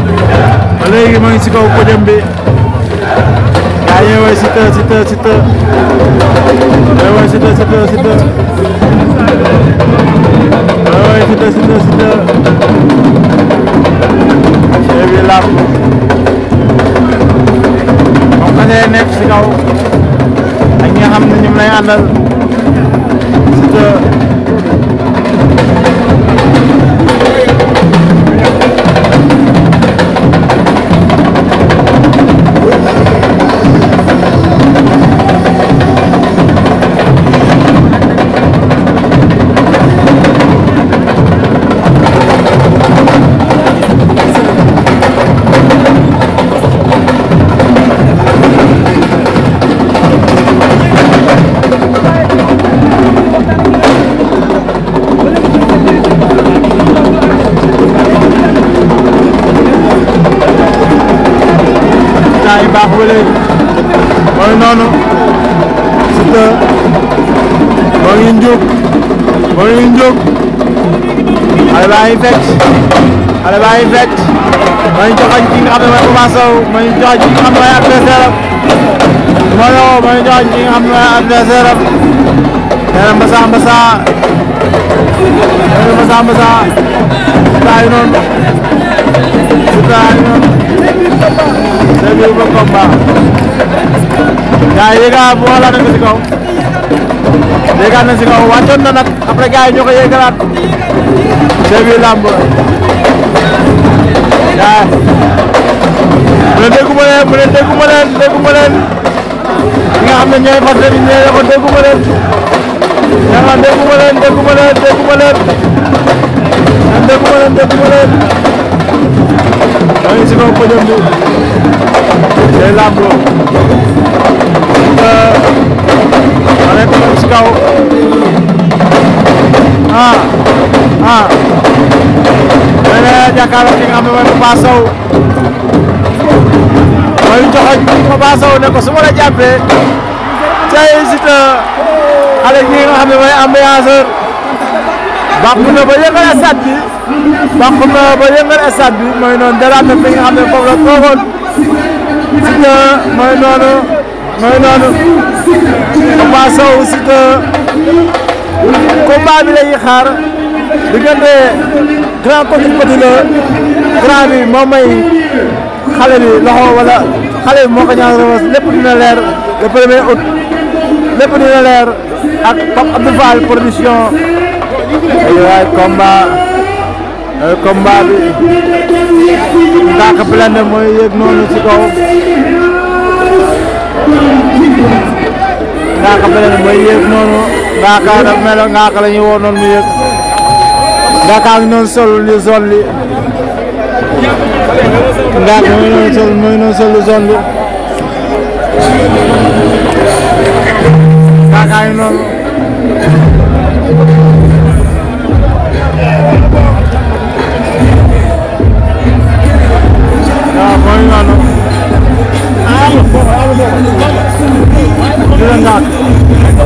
léegi maa ngi si kaw podium bi yaa ngi woy si te si te si te waaye Siteu Siteu Siteu Siteu bi làmb moom nga ngay nekk si kaw ak ñi nga xam ne ñu lay àndal Siteu ba léegi mooy noonu Siteu moo ngi njuk moo ngi njuk xale baa ngi fecc xale baa ngi fecc ma ngi joxañ ki nga xam ne mooy Papa Sow ma ngi joxañ ki nga xam ne mooy adversaire am ma yow ma ngi joxañ ki nga xam ne mooy adversaire am nee na mbasa mbasa nee na mbasa mbasa Siteu a ngi noonu Siteu a ngi noonu déglu ba combat gars yi yéegal wala na ko si kaw yéegal na si kaw wàccoon na nag après gars yi ñoo ko yéegalaat début làmb gars mu ne dégguma leen mu ne dégguma leen dégguma leen ñi nga xam ne ñooy fas yéene ñooy yokk dégguma leen yàlla dégguma leen dégguma leen dégguma leen dégguma leen dégguma leen maa ngi si kaw podium bi day làmb xale bi moom si kaw ah ah xëy na jàkkaarloo ki nga xam ne mooy Papa Sow mooy joxoñ Papa Sow ne ko su ma la jàppee cay hésité xale gi nga xam ne mooy ambianceur bàq na ba yëngal stade bi bàq na ba yëngal stade bi mooy noonu dalal na fi nga xam ne foofu la toogoon Siteu mooy noonu mooy noonu Papa Sow Siteu combat bi la ñuy xaar diggante grand petit petit la grand bi moo may xale bi loxo wala xale bi moo ko ñaan rewas lépp dina leer le premier août lépp dina leer ak Pape Abdou Fall production ay waay combat Euh, combat bi Ngaaka Blindé mooy yéeg noonu ci kaw Ngaaka Blindé mooy yéeg noonu Ngaaka daf mel Ngaaka la ñuy woo noonu mu yéeg Ngaaka ngi noonu sol li zone li Ngaaka mooy noonu sol mooy noonu sol li zone li Ngaaka ngi noonu waaw gis nga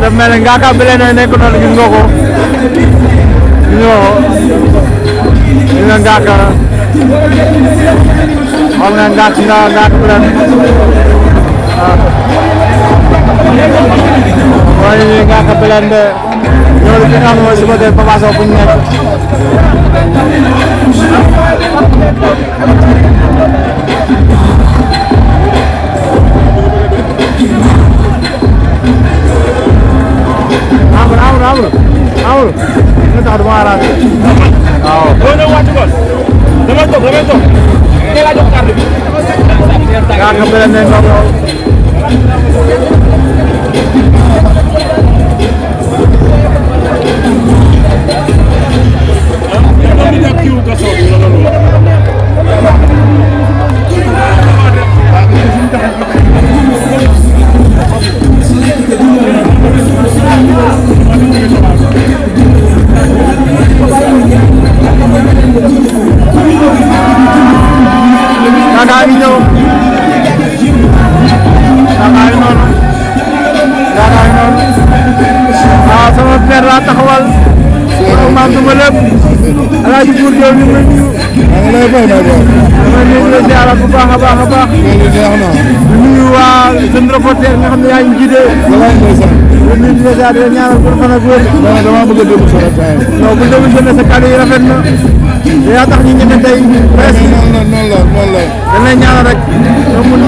daf mel ne Ngaaka Blindé nekk noonu gis nga ko gis nga ko li nga ngaak xool nga nga ngaak bulan mooy ngaak nga xam ne mooy suba de Papa Sow fu ñu nga tax du waaw boo ñëw wàcc ko damay toog damay toog teel a jox carte bi. yaa ngi mel ne noonu. Thank you. mooy mooy boobu. man ñu ngi lay ziaral bu baax a baax a baax. loolu neex na. nuyu waa seen reporter nga xam ne yaa ngi jiite. walaay ndeysaan. ñu ngi lay ziaral di ñaanal pour fan ak wér. non damaa bëgg a déglu sa rafet. non bu déglu sa ne sa kàddu yi rafet na. yaa tax ñu ñeme tey. presque noonu la noonu la noonu la. dañ lay ñaanal rek. nga mun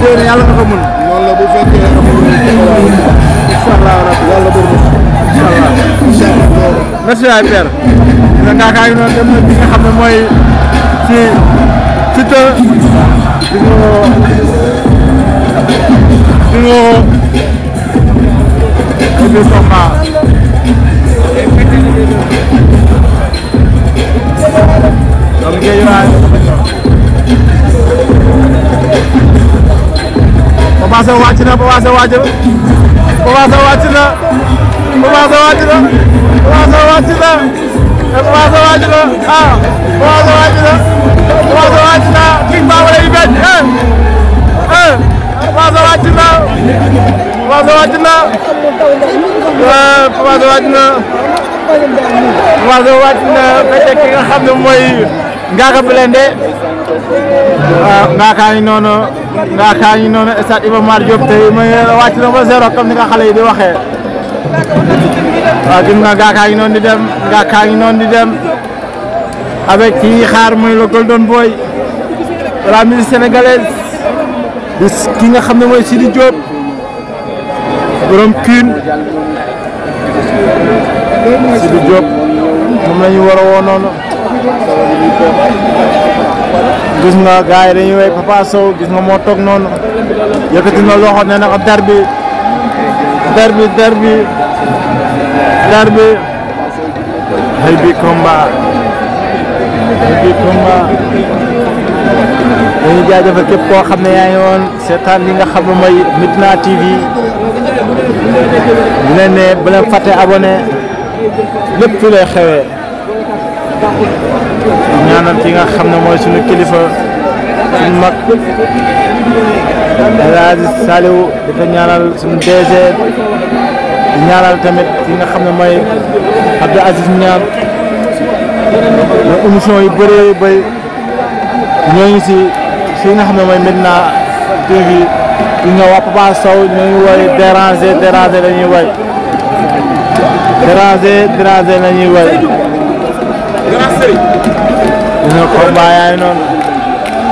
tey yàlla dafa mun. noonu la bu fekkee amul. incha allah rabbi yàlla bëri na. incha allah incha allah. merci waay père. nga kaa kaa ngi noonu dem na bi nga xam ne mooy. ci Siteu di ko di ko di combat doomu géej waay Papa Sow wàcc na Papa Sow wàcc na Papa Sow wàcc na Papa Sow wàcc na Papa Sow wàcc na Mawazo wajira, ah, mawazo wajira, mawazo wajira, king ba wala ibet, eh, eh, mawazo wajira, mawazo wajira, eh, mawazo wajira, mawazo wajira, fekke ki nga xam ne mooy Ngaaka Blindé, waaw Ngaaka ngi noonu, Ngaaka ngi noonu stade Iba Mar Diop tey ma wàcc na ba zéro comme ni nga xale yi di waxee. waaw gis nga gàkkaa ngi noonu di dem gàkkaa ngi noonu di dem avec kii xaar mooy le golden boy la musique sénégalaise di ki nga xam ne mooy Sidi Diop borom kiin Sidi Diop moom la ñu woo noonu gis nga gars yi dañuy woy gis nga moo toog noonu yëkkati na loxo nee na ko dar derby derby derby xëy bi combat xëy bi combat dañuy jaajëfal képp koo xam ne yaa ngi woon seetaan li nga xam ne mooy Médina TV di leen ne bu leen fàtte lépp fi lay xewee nga xam ne mooy suñu kilifa suñu mag El Hadj Saliou di ñaanal suñu DG di ñaanal tamit yi nga xam ne mooy Abdou Aziz Niane émission yu bëree bëri ñoo ngi si si nga xam ne mooy Medina TV yi nga wax Papa Sow ñoo ngi woy déranger déranger la ñuy woy déranger déranger la ñuy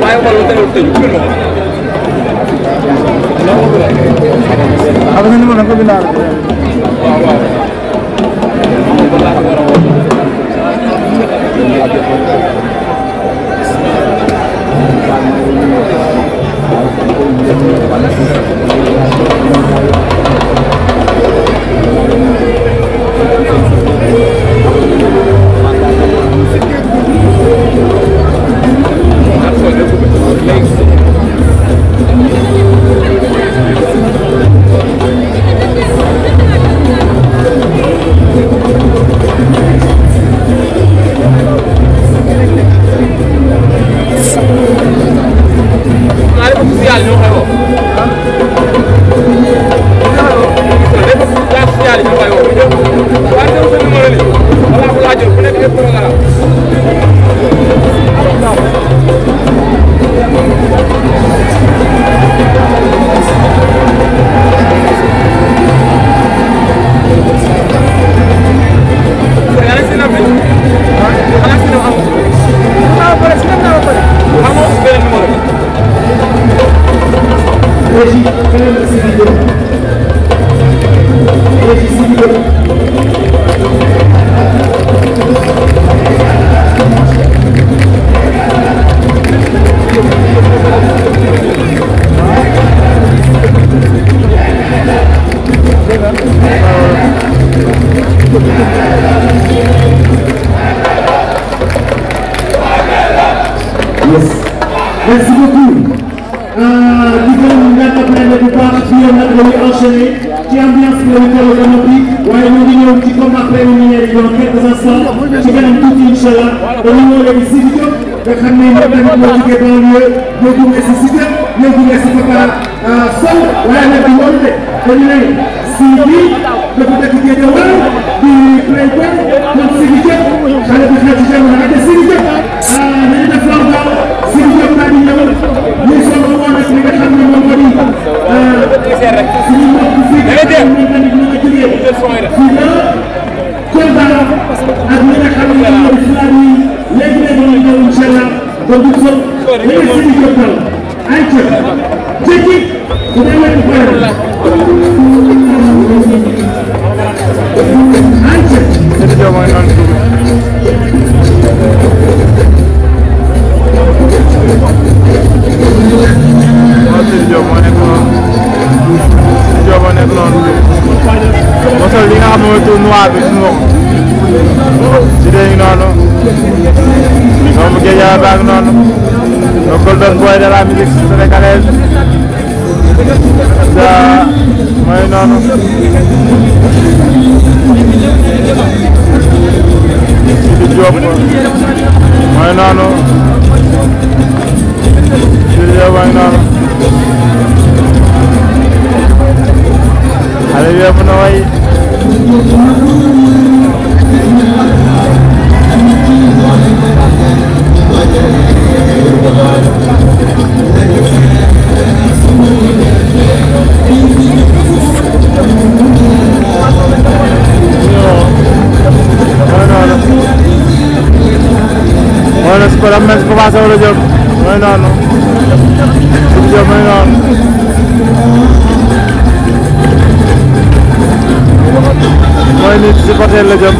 waaye warul tëjul tëjul xam nga numéro ko bindal Thank you. Sawla Diop mooy noonu Doudou Diop mooy noonu mooy nit si côté la Diop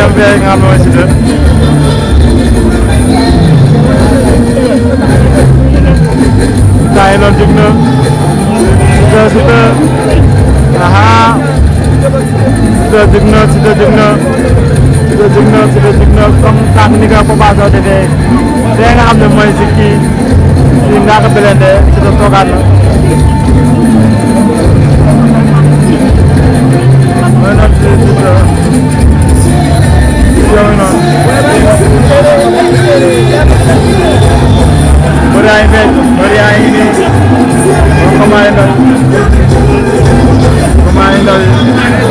dem fee nga xam ne mooy Siteu tay loolu jug na Siteu Siteu aha Siteu jug na Siteu jug na Siteu jug na Siteu jug na comme sànq ni nga Papa Sow defee fee nga xam ne mooy si kii si Ngaaka Blindé Siteu toogaat na mooy noonu Siteu Bari ay mbéj bari ay indi moom comment ay ndal comment ay ndal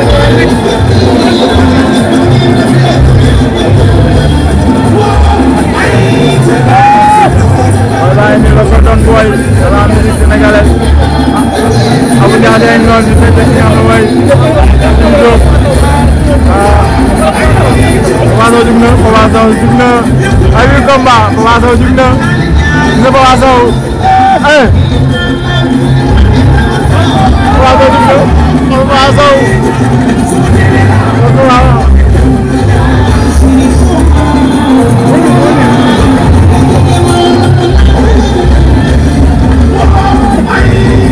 wallaay ni la ko doon booy de la musique sénégalaise Abou Ndiakhate ak noonu di fekk ci am way Diop ah Papa Sow jug na Papa Sow jug na ay biir combat Papa Sow jug na gis nga Papa Sow eh Papa Sow jug na Papa Sow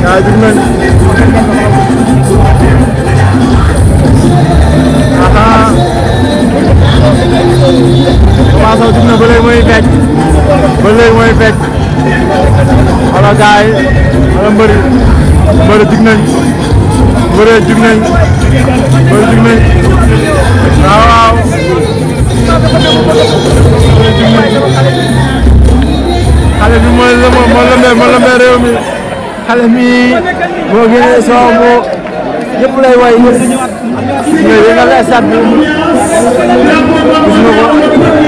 yaa jug nañ Papa Sow jug na ba léegi mooy fecc ba léegi mooy fecc wala gaay wala mbër mbër jug nañ mbër jug nañ mbër jug nañ waaw waaw mbër jug nañ xale bi mooy lëmbe moo lëmbe moo lëmbe réew mi xale mi moo génnee soo moo ñëpp lay way ñëpp mais yéen a lay sàtt gis nga ko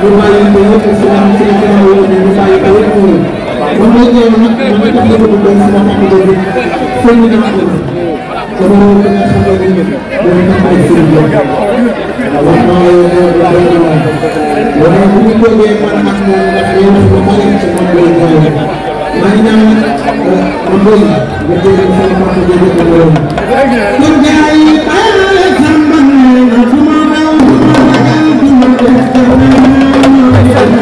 Kurbanın boyu Müslüman Müslüman oyunun sahip olmalı. Bunun yerine Mehmet Ali bu Müslüman olmalı. Senin adın. Sabah olmayan sabahın boyunca kaysırıyor. Allah'a emanet olun. Bana bugün de beyan hakkı ayın sabahı için olmalı. Aynen Kumbul, Gece Müslüman olmalı. Kurbanın Thank you.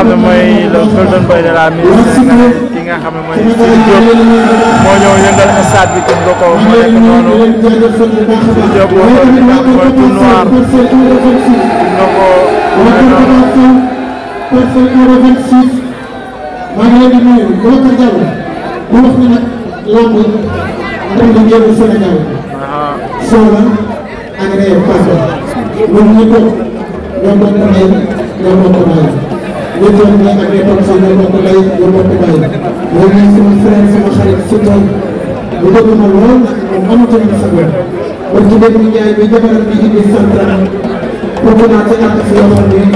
xam ne mooy le golden boy de la musique sénégalaise ki nga xam ne mooy Sidy Diop moo ñëw yëngal stade bi comme ko moo nekk noonu Sidy Diop boo ko di def mooy tout noir na ko mooy noonu. maa ngi leen di nuyu Moussa Diallo bu wax ni nag lamb ndam di génn Sénégal sooba ak réew passé loolu ñu toog ñoo bokk ndey ñoo bokk maay nekkoon na ak nekkoon sax ñoo bokk lay ñoo bokk baay loolu mooy sama frère sama xarit si tool bu bëgg ma lool moom amatul na sa bopp kon ci benn njaay bi jabaram bi indi santra kooku naa ci àq si yoo xam ne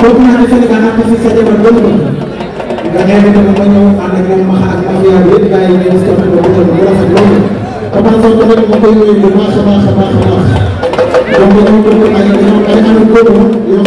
kooku naa ne Sénégal àq si sa jabar doon ko da ngay ne dama ma ñëw ànd ak moom ma xaar ma fi yàgg yëpp gars yi ne gis ko xam ne bu rafet loolu commencé ko ma koy nuyu bu baax a baax a baax a baax donc dañu bëgg ay ay ay xale góor yoo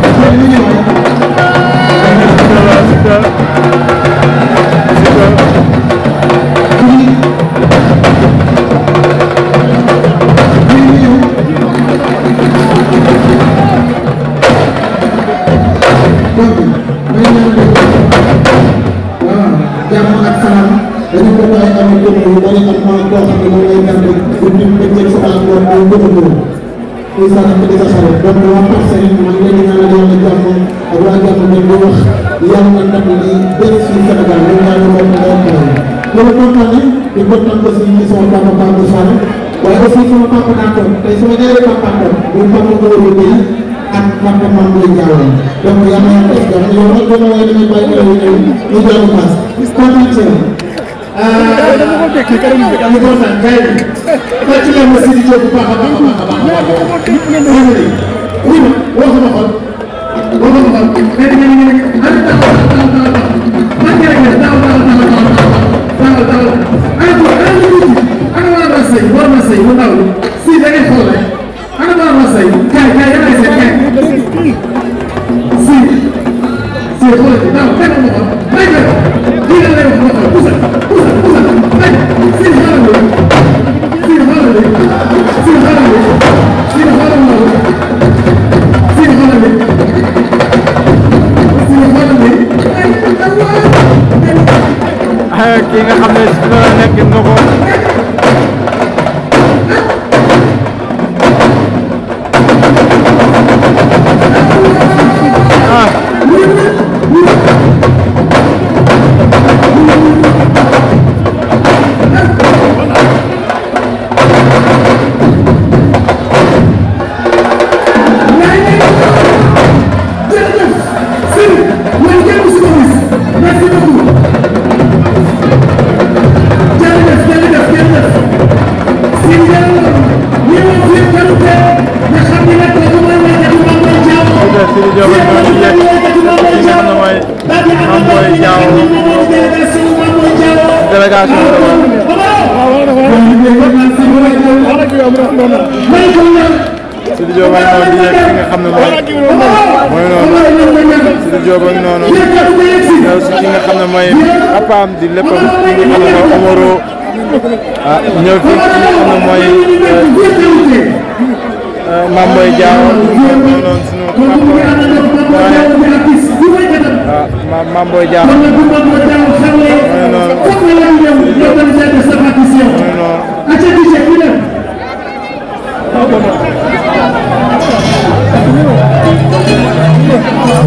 xam ne aussi sama papa Dankoor tey sama ñaari papa Dankoor muy papa Ndorou Dieng ak papa Mame Boye Diao donc yal na yàlla def jàmm yow nag boo ma woowee damay bàyyi kii ñu ñu jox la paas kontaan ci yow. Ah, ñu kontaan gars yi fàcc leen ma Sidi Diop bu baax a baax a baax a baax a baax. oui wax nga ko wax nga ko mais dinañ leen man taxaw taxaw taxaw man njëriñ la taxaw taxaw taxaw taxaw taxaw taxaw say war na say mu ndaw si da ngay xool rek ana war na say kaay kaay da ngay say kaay si si xool ci ndaw kenn mu xool may ko lii da ngay wax ma xool pusa pusa pusa may si xoolal la si xoolal la si xoolal la si xoolal la si xoolal la si xoolal la ay ay ki nga xam ne si la nekk nga ko papaam di léppam ki nga xam ne mooy Omaro ah ñëw fi ki nga xam ne mooy euh, euh, Mame Boye Diao mooy noonu sunu waaye ah Mame Boye Diao mooy noonu mooy noonu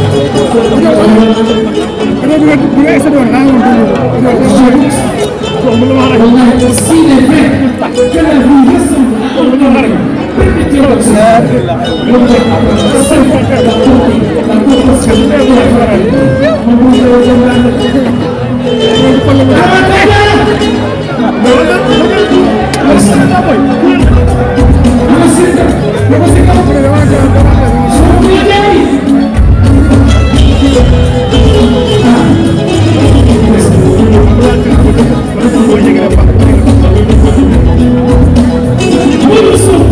Vamos a Wilson!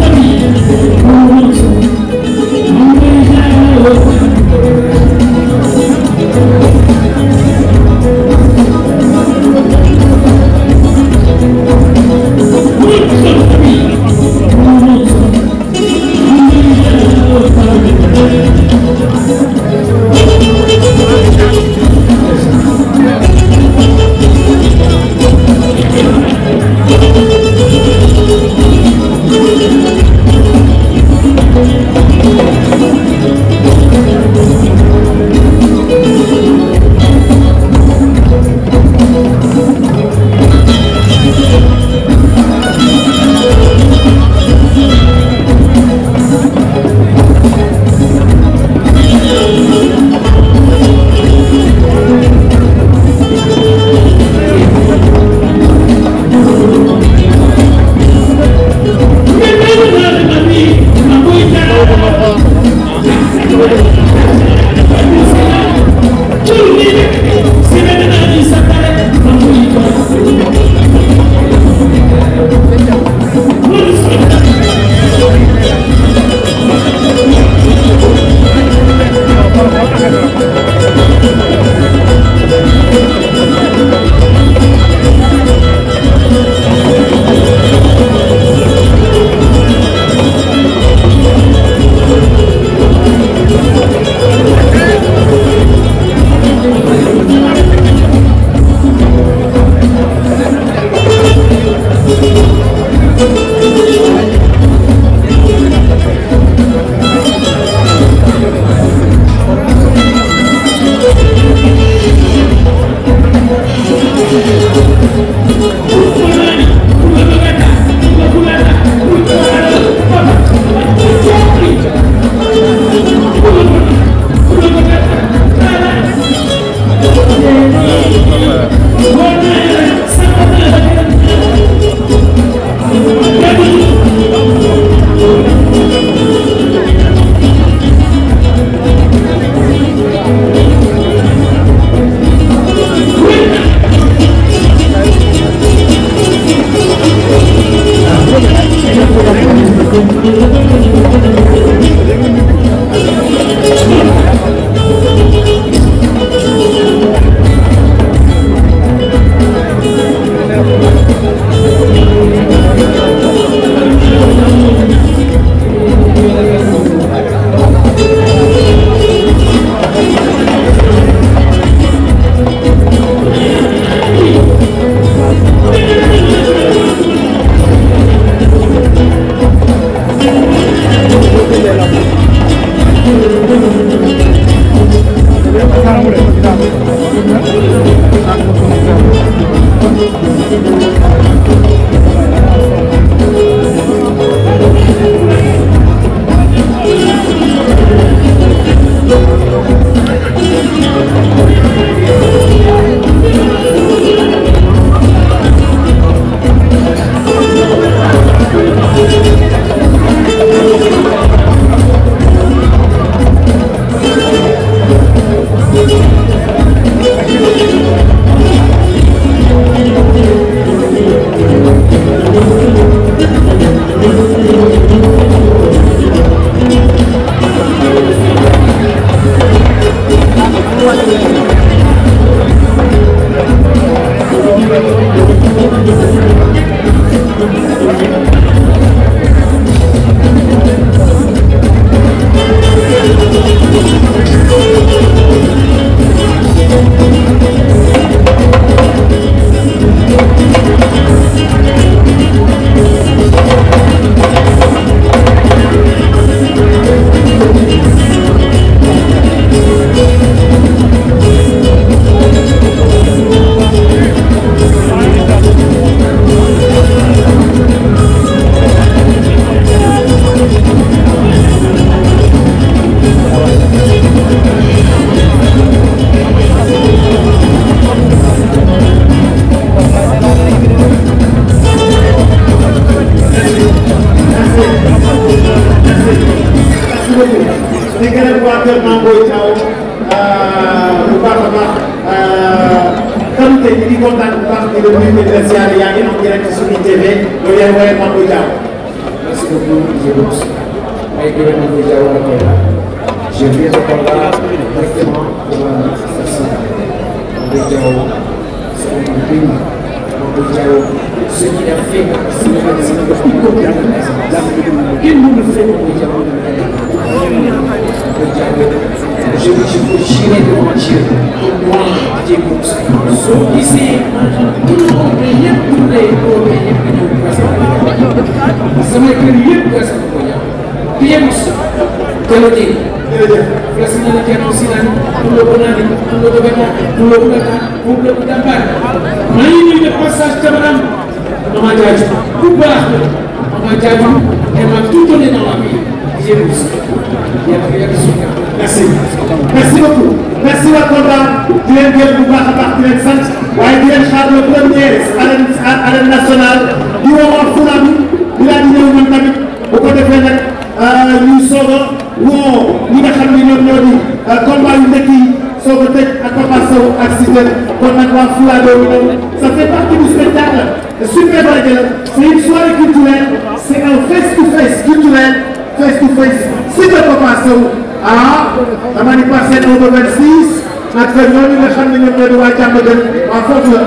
86 ak sa ñooñu nga xam ne ñoom ñoo di waa Thiamba Gueye waaw foofu la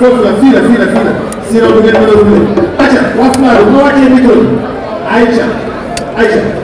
foofu la fii la fii la fii la sinon du ngeen mën a wute. ayca wax nga waaw bu ma wàccee micro bi ayca ayca.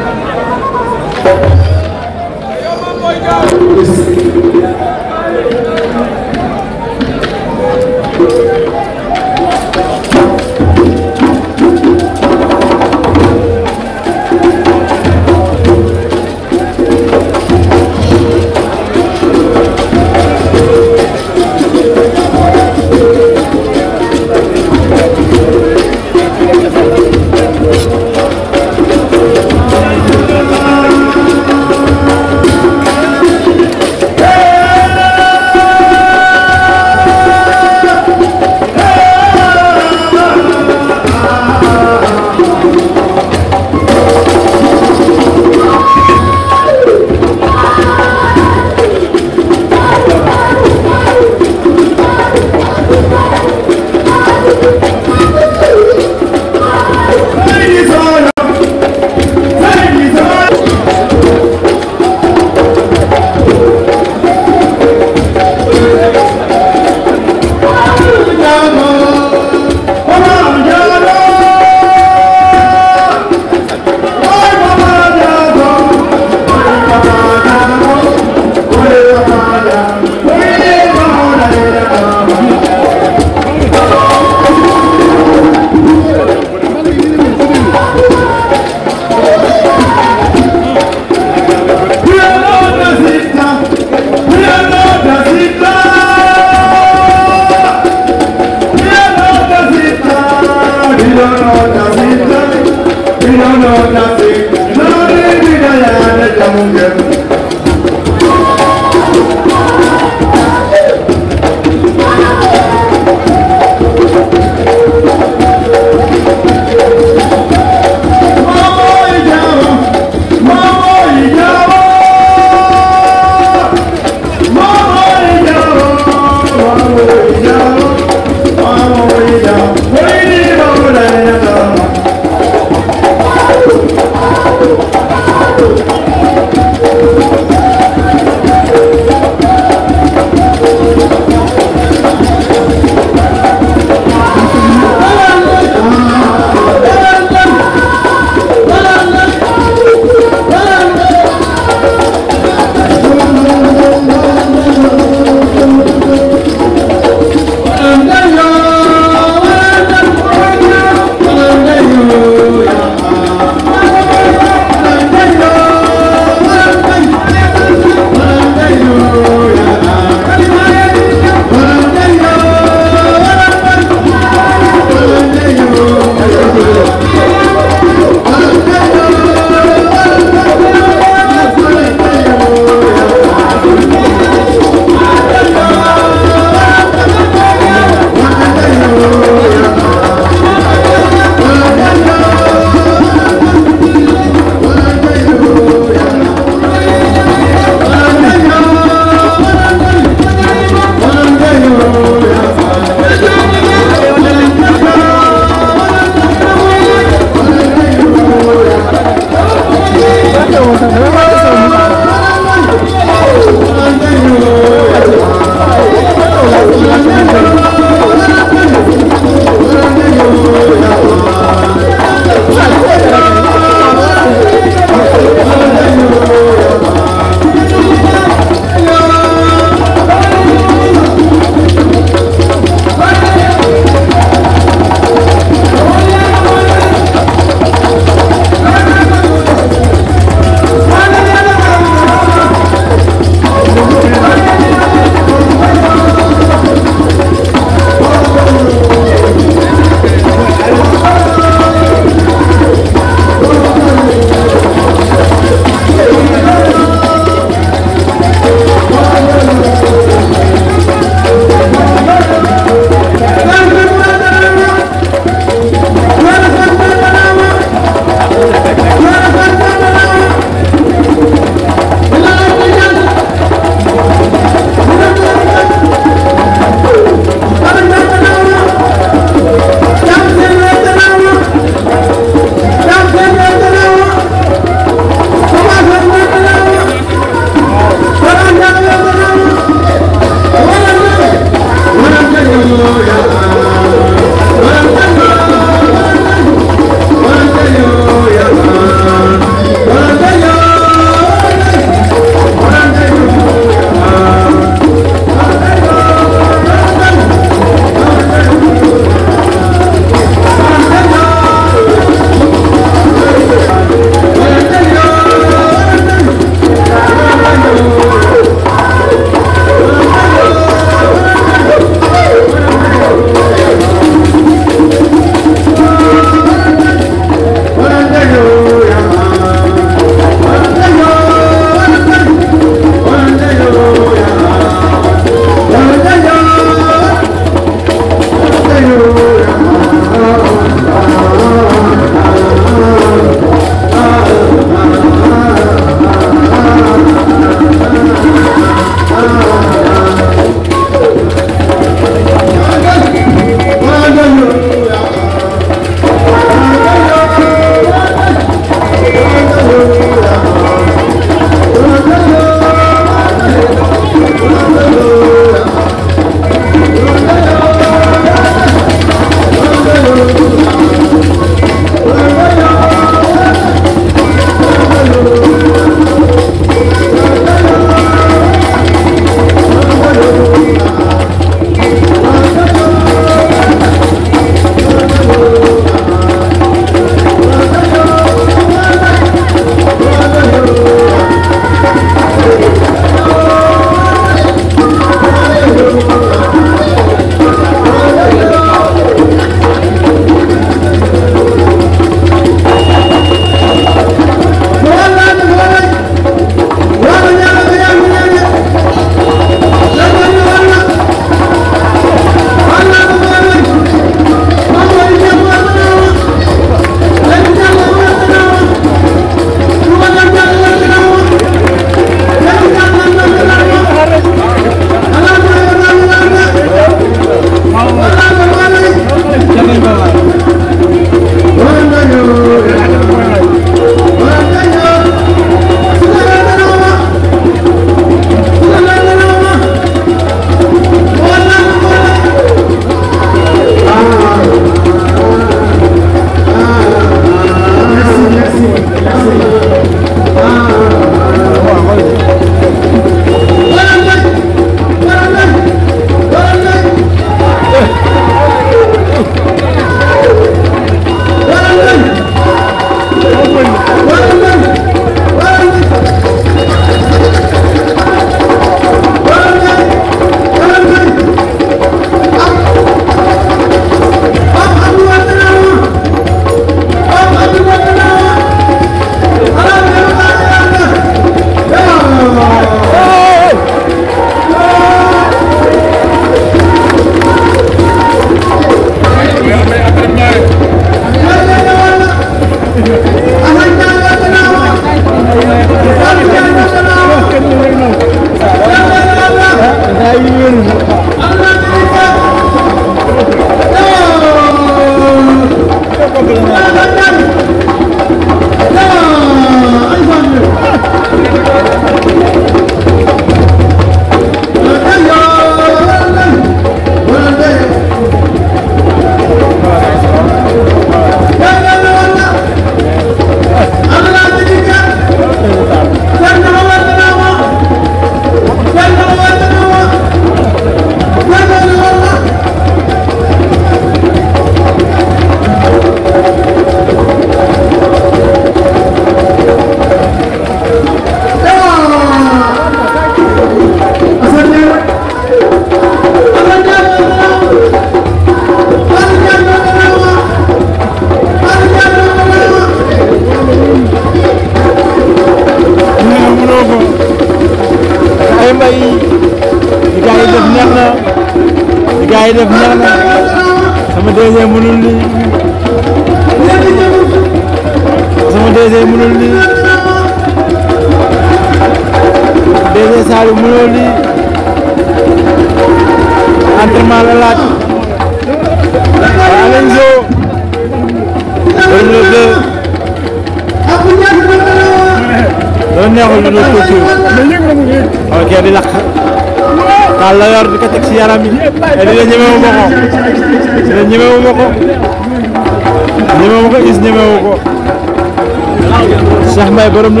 numéro 2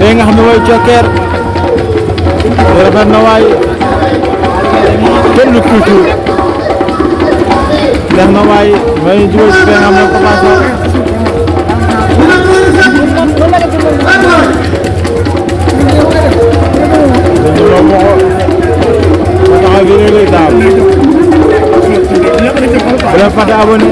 tey nga xam ne mooy Cokkeer rafet na waay kenn culture def na waay may jóge si fee nga xam ne Papa Sow dañu loo ko ba taxaw gi léeg-léeg daal bu leen fàtte abonné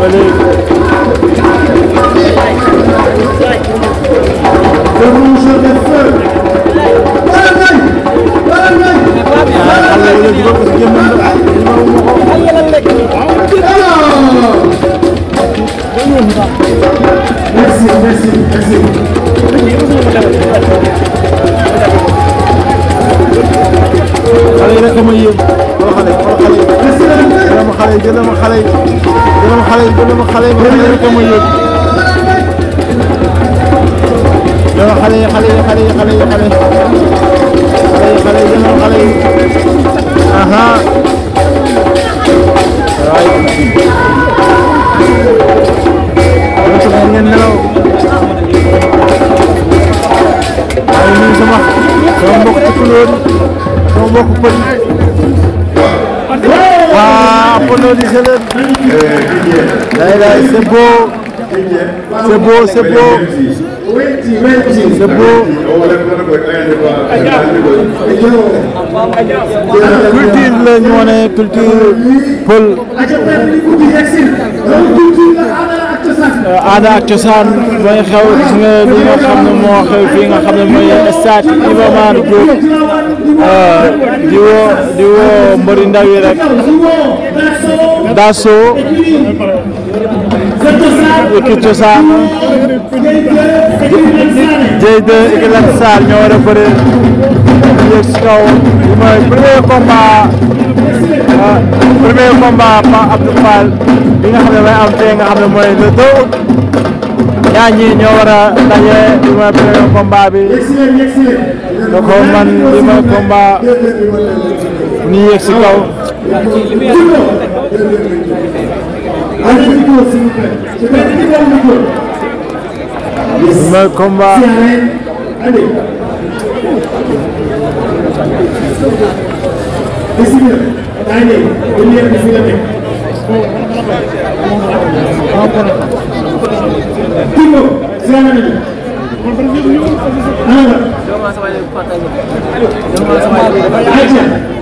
xale yi xale yi xale yi xale yi xale yi gën a xale yi ma yëg yow xale yi xale yi xale yi xale yi c'est beau. C'est beau, culture la ñu culture pël. aada ak cosaan ba xew gis nga xam ne moo xew fii nga xam ne mooy stade Iba Mar Diop euh, di woo di woo mbëri rek Dasso. équipe cosaan Dieye 2 équipe Lac Sarr ñoo war a bëre yéeg si kaw bi mooy premier combat ah, premier combat Pa Abdou Fall bi nga xam ne mooy am fee nga xam ne mooy le 2 août ñaar ñii ñoo war a daje bi mooy premier combat bi da ko man bi mooy combat ni yéeg si kaw Le combat. Allez. Allez.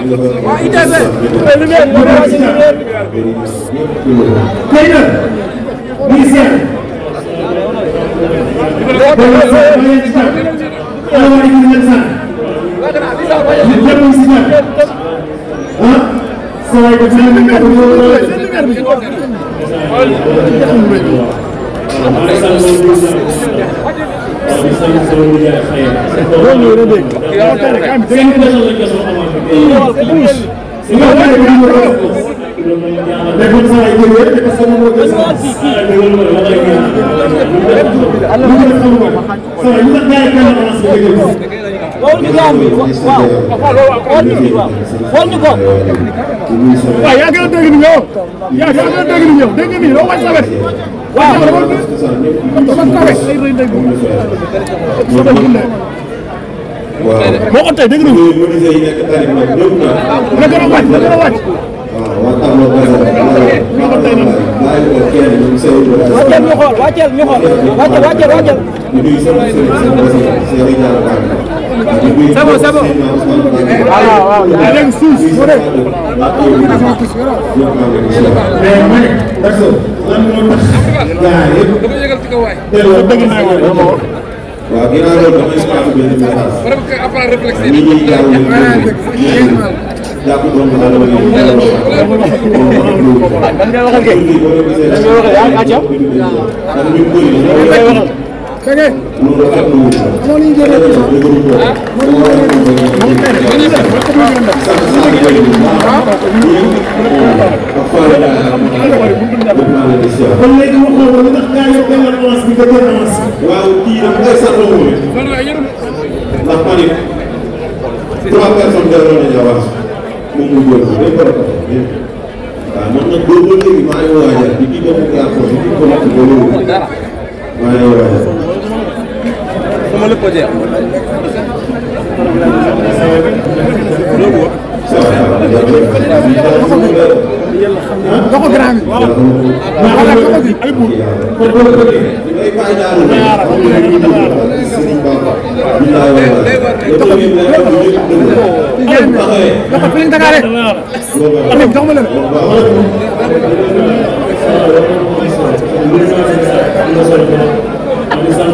waa ITV. waaw yaa ngi dégg ni ñëw yaa ngi dégg ni ñëw dégg ni loo wañ sa wet waaw waaw moo ko tey dégg nañu. na gën a wàcc na gën a wàcc. wàcceel ñu xool wàcceel ñu xool wàcceel wàcceel wàcceel. c'est bon c'est bon. waaw waaw léegi suuf mu ne. mais man d' accord lan moo tax. yaa ngi. dama yëgal ci kaw waay. dégg naa waay. waaw ginnaaw loolu damay expliqué benn message. ñi ñuy jàll ñu ñëw jàpp doomu aadama yi ñu jàll loolu. kon loolu. mun nga fekk lu wut la. kon léegi wax nga ko li tax gaa yor benn avance bi nga jël avance. waaw kii dama koy sax loo wóoree. ndax man it trois personnes jëloon nañu avance moom mu góor ñi day faral di waaw man nag boo ba léegi maa ngi waajal di kii doomu gàllankoor bi kii ko lakk ba léegi maa ngi waajal. നമ്മള് ഇപ്പൊ ചെയ്യാം doko grand wala ko gi ay bu ko ko ko lay fay daal doko fi nga dagaré am jox ma leen am na solo waaw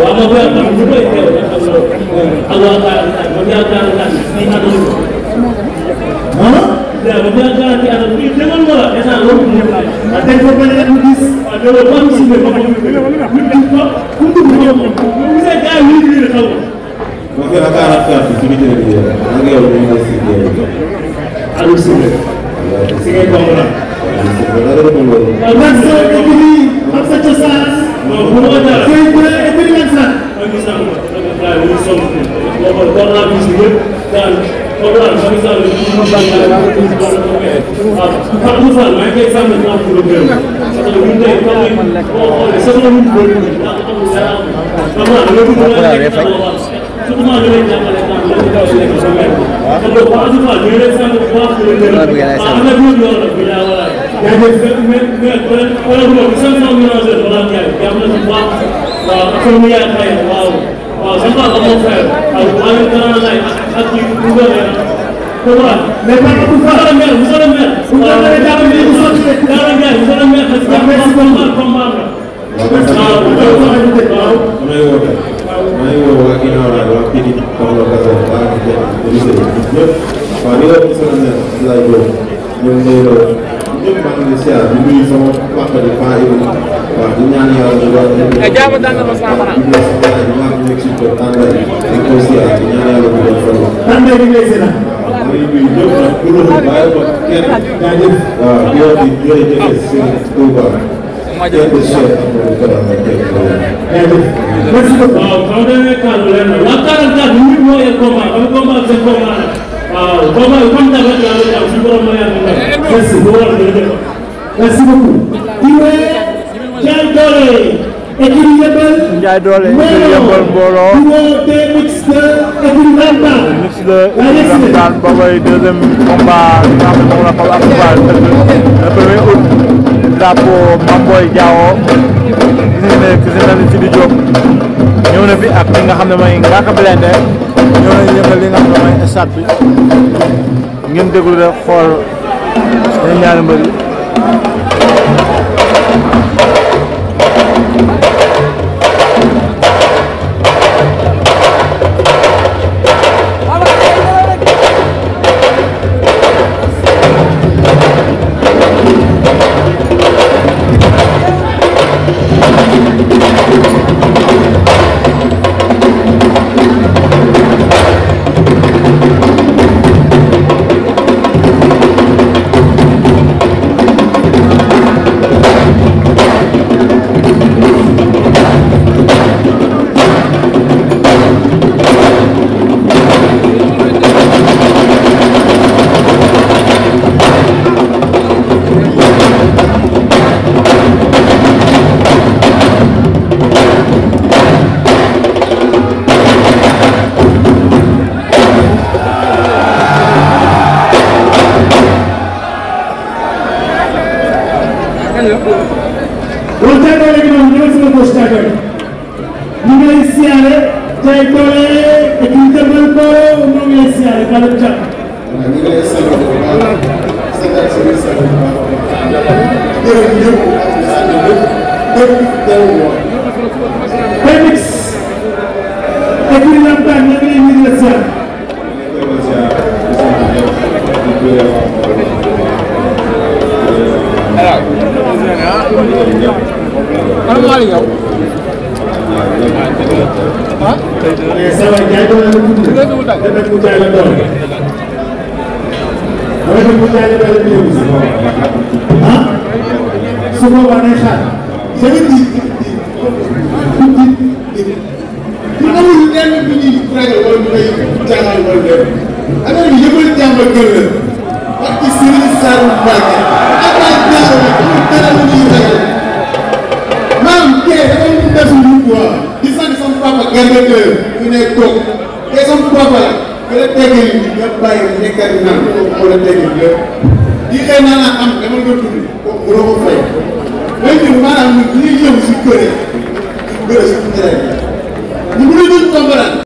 waaw waaw ba ñu daan daanaka fii demal ma la instant loolu ñu def la dañ ko bëri rek mu gis waaw loolu ba mu suufee ba mu dugg ko ku dugg ko moom bu gisee gars yi ñu ngi xaw ma ko la 44 bi suñu télé bi ak yow ñu ngi ci yow allo suufé si ngay ko la waaw man sa dëkk bi xam sa cosaan non bu ma ko dara koy bu la e bëri nak sa ñu sama waaw ñu sonn ko ko ko la musique daal Okan Macky Sall bi ñu ngi sant yàlla bu ñu ko waaw Fatou Moussa maa ngi koy sant ñu naan pour gërëm parce que ñun tey kaw yi boo xoolee soxla wuñ ko woon ndax amul dara am vraiment loolu mën naa nekk surtout maa ngi leen jàppale ndax loolu kaw yi nekk sa mère. kon donc Fatou Moussa ñu ngi lay sant bu baax pour gërëm waaw am na ñu yoon nag bi laa walaay. mais mais mais wala wala bu ma ko 500 millions de dollars jaay jàpp na ci bu baax waaw ak mu yaay xayma waaw. c'est toi mon frère. Alors, moi, le grand là, il a gouverneur. Comment Mais pas le pouvoir. Vous le maire, vous le maire. Vous le maire, vous le maire. Vous le maire, vous le maire. Waaw Merci beaucoup. Ndiaye Doole écurie Yeumbeul Mbolor mix le Ramdan Baboye deuxième combat nga xam ne moom la Pape Abdou Fall le premier août drapeau Mamboy Diao gis nga ne gis na ni Sidi Diop ñëw na fi ak li nga xam ne mooy Ngaaka Blindé ñëw nañ yëngal li nga xam ne mooy stade bi ngeen déglu rek xool ñaari mbër yi